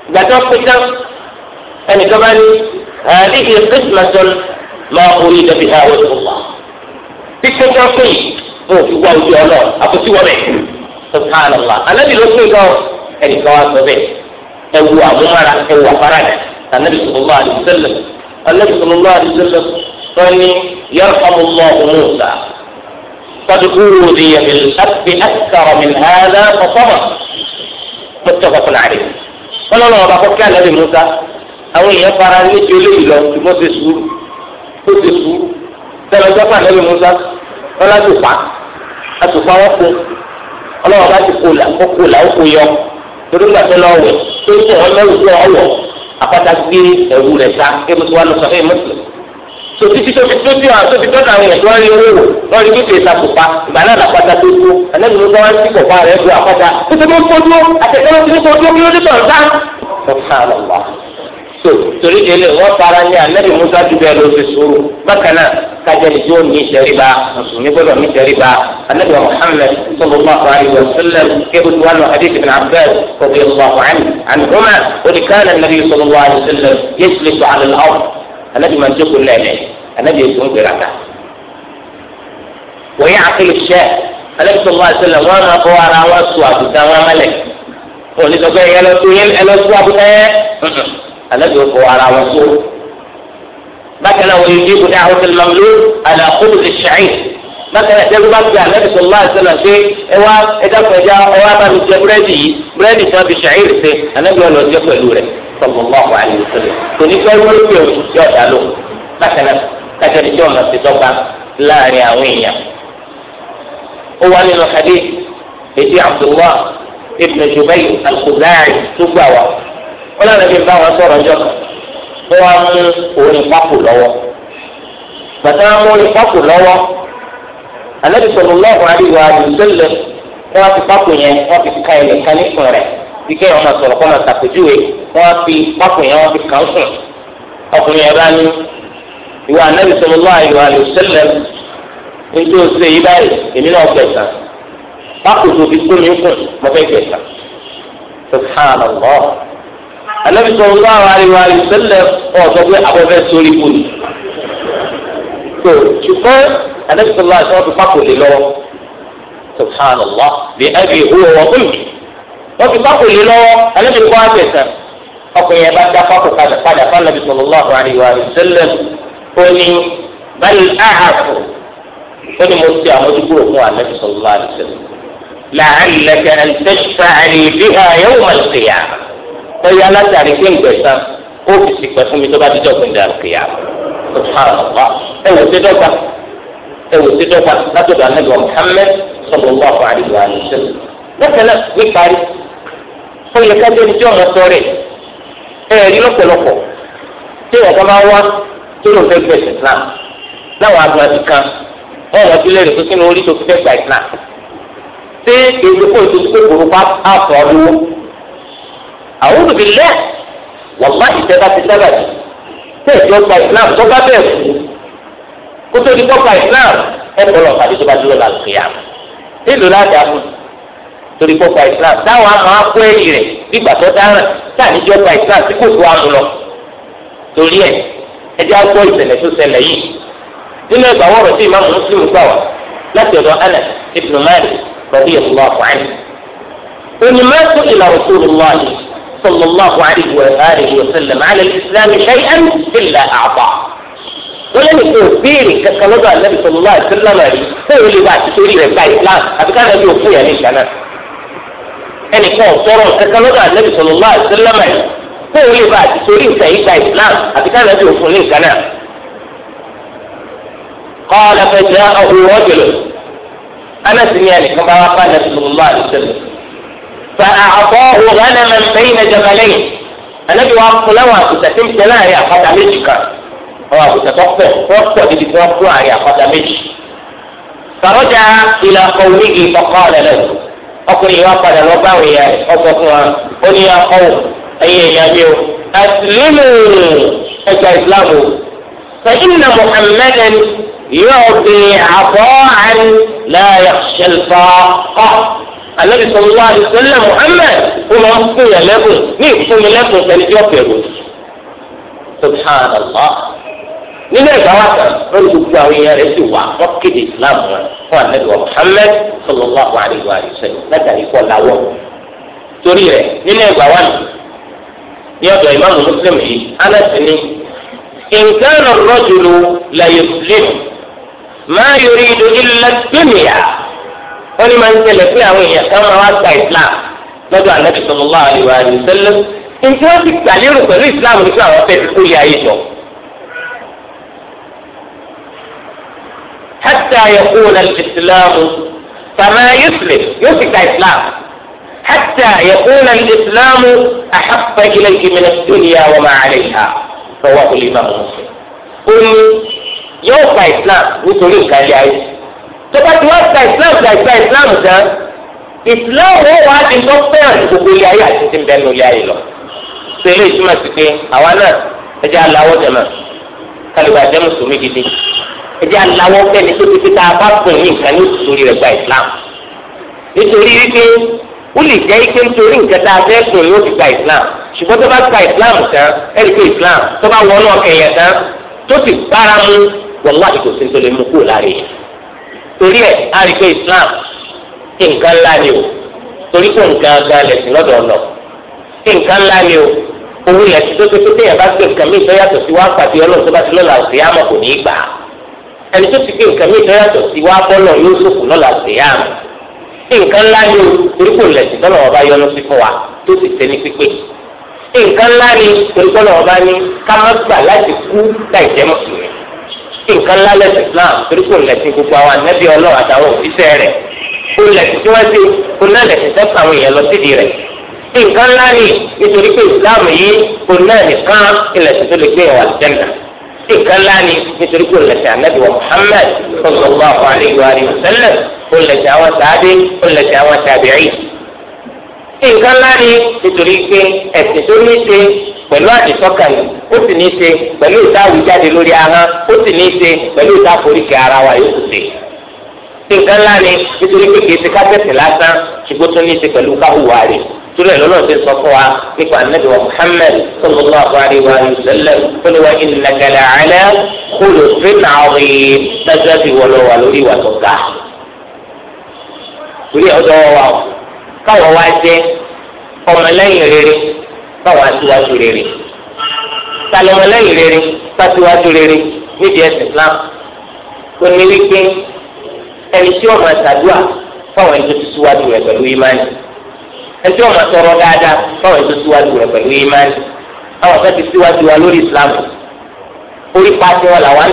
[SPEAKER 1] لكن الصكة أن كمان هذه قسمة ما أريد بها وجه الله تكتب شيء mo fi wá ojú ọlọ́ọ̀ àkọsíwọ́ bẹ́ẹ̀ subhanallah alábìlóṣù kan ẹnìkan wá sọ bẹ́ẹ̀ ẹwù àmúmára ẹwù àfaradà ànábì sallallahu alaihi wasallam ànábì sallallahu alaihi wasallam sọni yarhamullahu Musa قد أوذي بالحق أكثر من هذا فصبر متفق عليه قال الله بقى كان لدي موسى أو يفعل نجلي لو موسى سور موسى سور قال جفا لدي موسى ولا تفع أتفع وقو الله بقى تقول أقول أقول يوم تقول لا تلاوي tó sọ ọlọ́run tó ọwọ́ àpáta gbé ẹ̀wù rẹ̀ sá kí mo ti wá lọ sọ fún mọ́tò tó títí tó fi tó bí ọ tó fi tó dàrú yẹn tó wá rí owó wò wọ́n rí bíbí ìsàkópa ìgbà náà làpáta tó tó ẹlẹ́nu ló wá sí kọ̀ọ̀pá rẹ̀ bu àpáta tó tó tó dúró àtẹ̀tẹ̀ ló ti ní kó dúró kí ló dé tọ̀ so torí délé wọn fara ní anabi musa dubẹ ló fi sùúrù bákan náà kájẹni tí ó ní ìṣẹríba mùsùlùmí gbọ́dọ̀ ní ìṣẹríba anabi muhammed sallallahu alayhi wa sallam kébùtù wà lọ hadith ibn abbas rabi allahu anhu anhuma oníkàlẹ anabi sallallahu alayhi wa sallam yéṣu lè sọ àlọ lọwọ anabi máa ń jókòó lẹ́ẹ̀mẹ́ anabi èso ń gbéra ká wọ́n yẹ àkìlì ṣẹ́ anabi sallallahu alayhi wa anabi ò fọ ara wọn tó bákan náà wòye dìbò ní àwọn tẹlifà ló àlà kóòtù lè ṣàyìn bákan náà tẹlifà gbé anabi sọlá àṣẹlá ṣe ẹ wá ẹ dákun ẹja ẹ wá bá mi jẹ búrẹ́dì yìí búrẹ́dì tí wọn fi ṣàyìn rẹ ṣe anabi wọn lọ jẹ pẹ̀lú rẹ sallallahu alaihi wasallam kò ní fẹ́ wọ́n pè ọ́ yọ ọ̀dà ló bákan náà kájọ́ni tí wọn ti dọ́gba láàrin àwọn èèyàn ó wá nínú hadith ètí Abdullah ibn Jubayr al-Khuzai tó gbà wá wọn lànà bí bá wọn sọ̀rọ̀ ọjọ́ kan wọn á mú orin pákó lọ́wọ́ bàtà wọn mú orin pákó lọ́wọ́ anabi sọlọ lọọhùn àdìgbò àdìsọlẹ wọn fi pákó yẹn wọn fi ka ilẹ̀ kan nísùn rẹ̀ ike ọmọ sọ̀rọ̀ kọmọ sàpèjúwe wọn fi pákó yẹn wọn fi kàn sùn ọkùnrin yẹn bá ní ìwà anabi sọlọ lọọhùn àdìsọlẹ nítorí o ṣe anabi sọ̀rọ̀ lọ́wọ́ àwọn àríwá ìṣẹ̀lẹ̀ ọ̀sọ̀ pé abọ́fẹ́ sórí kù ni. tó ṣùgbọ́n anabi sọ̀rọ̀ àti wọn fi pákó lè lọ́wọ́ subhanallah bí ẹbí ìhùwọ̀ wọn kúlù wọn fi pákó lè lọ́wọ́ anabi kọ́ àgbẹ̀sán ọkùnrin yẹn bá dá pákó padà padà fún anabi sọ̀rọ̀ lọ́wọ́ àríwá ìṣẹ̀lẹ̀ ó ní báyìí áhàfù ó ní mo ti àmójúkúrò fún anabi sọ̀rọ̀ lọ́wọ́ àríwá ìṣẹ̀lẹ̀ ọ̀yà látàrí pé ìgbẹ̀sán ó fi sì pẹ́ fún mi tó bá díjọ́ pé ìdá àlùkìyà subhanallah ẹ wò sí dọ́gba ẹ wò sí dọ́gba látọ̀dọ̀ anábìwọ̀n Muhammad sallallahu alaihi wa sallam lọ́kẹ́ náà níparí ó yẹ ká jẹ́ níjọ́ ọmọ sọ́ọ̀rẹ́ ẹ̀rí lọ́pọ̀lọpọ̀ tí ọ̀gá máa wá tó ló fẹ́ gbẹ̀sẹ̀ islam láwọn agbọ̀nàbí kan wọ́n wọ́n ti lérè pé kí ni orí àwọn olùbílẹ̀ wàlá ìjẹba ti sábà jù tẹ̀ ẹ̀jọ́ gba islam tó bá bẹ̀ fún kó tó di kọ́ gba islam ẹ̀kọ́ lọ pàdé tó bá dúró la lùkìyà nílùú láti àmú torí kọ́ gba islam táwọn àwọn akó ẹ̀yìn rẹ̀ nígbà tó dáràn táàní jọ gba islam tí kò tó àmú lọ torí ẹ̀ ẹjẹ́ àgbọ̀ ìṣẹ̀lẹ̀ tó ṣẹlẹ̀ yìí nínú ẹgbàá wọ̀rọ̀ tí ìmáàmù Muslim gbà wá láti ọ̀dọ̀ Anas ibn Malik radiyallahu anhu onímọ̀ ẹ̀kọ́ ìlà òṣèlú lọ́ọ̀yì صلى الله عليه وآله وسلم على الإسلام شيئا إلا أعطاه ولم يكن فيه يعني يعني يعني كما قال النبي صلى الله عليه وسلم هو اللي بعد سوريا من بعد لا هذا كان أبي وفيا ليش أنا أنا كون صورو كما قال النبي صلى الله عليه وسلم هو اللي بعد تسوري من بعد هذا كان أبي وفيا ليش أنا قال فجاءه رجل أنا سمياني كما قال النبي صلى الله عليه وسلم فأعطاه غنما بين جبلين أنا وقال له أكتتم سنة يا قطع مجكا أو أكتتوقف وقت بدي توقع يا قطع مجك فرجع إلى قومه فقال له أقول يا قطع وباوي يا أصفنا قل يا قوم أي يا بيو أسلموا أجا إسلامه فإن محمدا يعطي عطاء لا يخشى الفاقة anabi sallallahu alaihi wasallam muhammed ó máa ń fún yàn lẹ́bùn ní ìfúnni lẹ́bùn sẹni tí ó fẹ̀rù subhanallah nínú ẹ̀gbá wa kan lórí gbogbo àwọn èèyàn rẹ̀ sì wà wọ́n kéde islam wọn fún anabi wa muhammed sallallahu alaihi wasallam látàrí kọ́ lawọ́ torí rẹ̀ nínú ẹ̀gbá wa ni ọ̀dọ̀ ìmáàmù muslim yìí alásìní nǹkan rọ̀jùlù la yuslim ma yuridu wọ́n ní máa ń ṣẹlẹ̀ pé àwọn èèyàn kan máa wá gba islam lọ́dọ̀ anabi sallallahu alaihi wa sallam nǹkan wọ́n ti gbàlérò pẹ̀lú islam ní fún àwọn fẹ́ẹ́ fi kúlẹ̀ ayé jọ. hatta yakuna al-islam fama yuslim yóò ti gba islam hatta yakuna al-islam ahabba ilayhi min ad-dunya wa ma 'alayha rawahu al-imam Muslim. ó omi yóò gba islam nítorí nǹkan ilé ayé. tó bá ti wá gba islam gba gba islam tán islam ó wàá di tó fẹ́ràn ní gbogbo ilé ayé àti ti ń bẹ ní ilé ayé lọ sẹ́lẹ̀ ìtumọ̀ sí pé àwa náà ẹ jẹ́ aláwọ̀ jẹ̀ mọ́ kálíbà jẹ́ mùsùlùmí gidi ẹ jẹ́ aláwọ̀ fẹ́ni tó ti fi tá a bá pè ní nǹkan ní ìtòrí rẹ̀ gba islam nítorí wípé ó lè jẹ́ ike nítorí nǹkan tá a fẹ́ pè ní ó gba islam ṣùgbọ́n tó bá gba islam tán ẹ rí pé islam tó bá wọnú ọkàn tán tó ti bára mu wàlúwà ìkòsí tó lè mú kúrò láàrin yẹn torí ẹ̀ á rí pé islam kí nǹkan ńlá ni o torí kò nǹkan gan lẹ̀sìn lọ́dọ̀ ọ̀nà kí nǹkan ńlá ni o owó lẹ̀sìn tó tètè téèyàn bá gbé nǹkan mìíràn yàtọ̀ sí wá pàdé ọlọ́run tó bá ti lọ́la òsè àmọ́ kò ní í gbà ẹni tó ti gbé nǹkan mìíràn yàtọ̀ sí wá bọ́lọ̀ yóò sòkò lọ́la òsè àmọ́ kí nǹkan ńlá ni o torí kò lẹ̀sìn tọ́lọ̀ ọba yọ́nú sí fún wa tó sì tẹ́ ní pípé nǹkan ńlá ni torí nǹkan ńlá lẹ́sìn islam torí kò lẹ́sìn gbogbo àwọn ànábì ọlọ́run àtàwọn òfìsẹ́ rẹ̀ kò lẹ́sìn tí wọ́n ti kò náà lẹ́sìn sẹ́kọ̀ àwọn èèyàn lọ sídìí rẹ̀ nǹkan ńlá ni nítorí pé islam yìí kò náà nìkan ìlẹ̀sìn tó lè gbé ìwà àlùjẹ́nà nǹkan ńlá nítorí kò lẹ́sìn ànábì wa muhammad sallallahu alayhi wa sallam kò lẹ́sìn àwọn sàádé kò lẹ́sìn àwọn tàbíyí nǹkan ńlá ni nítorí pé ẹ̀sìn tó ní ṣe pẹ̀lú àdìsọ́kàn yìí ó sì ní ṣe pẹ̀lú ìtawù jáde lórí ahọ́n ó sì ní ṣe pẹ̀lú ìtàforíkẹ́ ara wa yóò ṣe. nǹkan ńlá ni nítorí pé kìí ṣe kábẹ́sì lásán ṣùgbọ́n tó ní ṣe pẹ̀lú káhùwà rẹ̀ torí ẹ̀ lọ́nà ti sọ fún wa nípa anabi wa Muhammad sallallahu alayhi wa sallam fúnni wa innaka la'ala khuluqin 'azim dájúdájú ìwọlọ́wà lórí ìwà tó ga. torí ọjọ́ wa káwọn wá jẹ ọmọlẹ́yìn rere káwọn aṣíwájú rere talọmọlẹ́yìn rere káṣíwájú rere níbi ẹ̀sìn Islam tó ní wípé ẹni tí wọn máa ṣàdúrà fáwọn ẹni tó ti síwájú rẹ pẹ̀lú ìmánì ẹni tí wọn máa tọrọ dáadáa fáwọn ẹni tó síwájú rẹ pẹ̀lú ìmánì àwọn kan ti síwájú wa lórí Islam orí pàṣẹ wọn làwọn.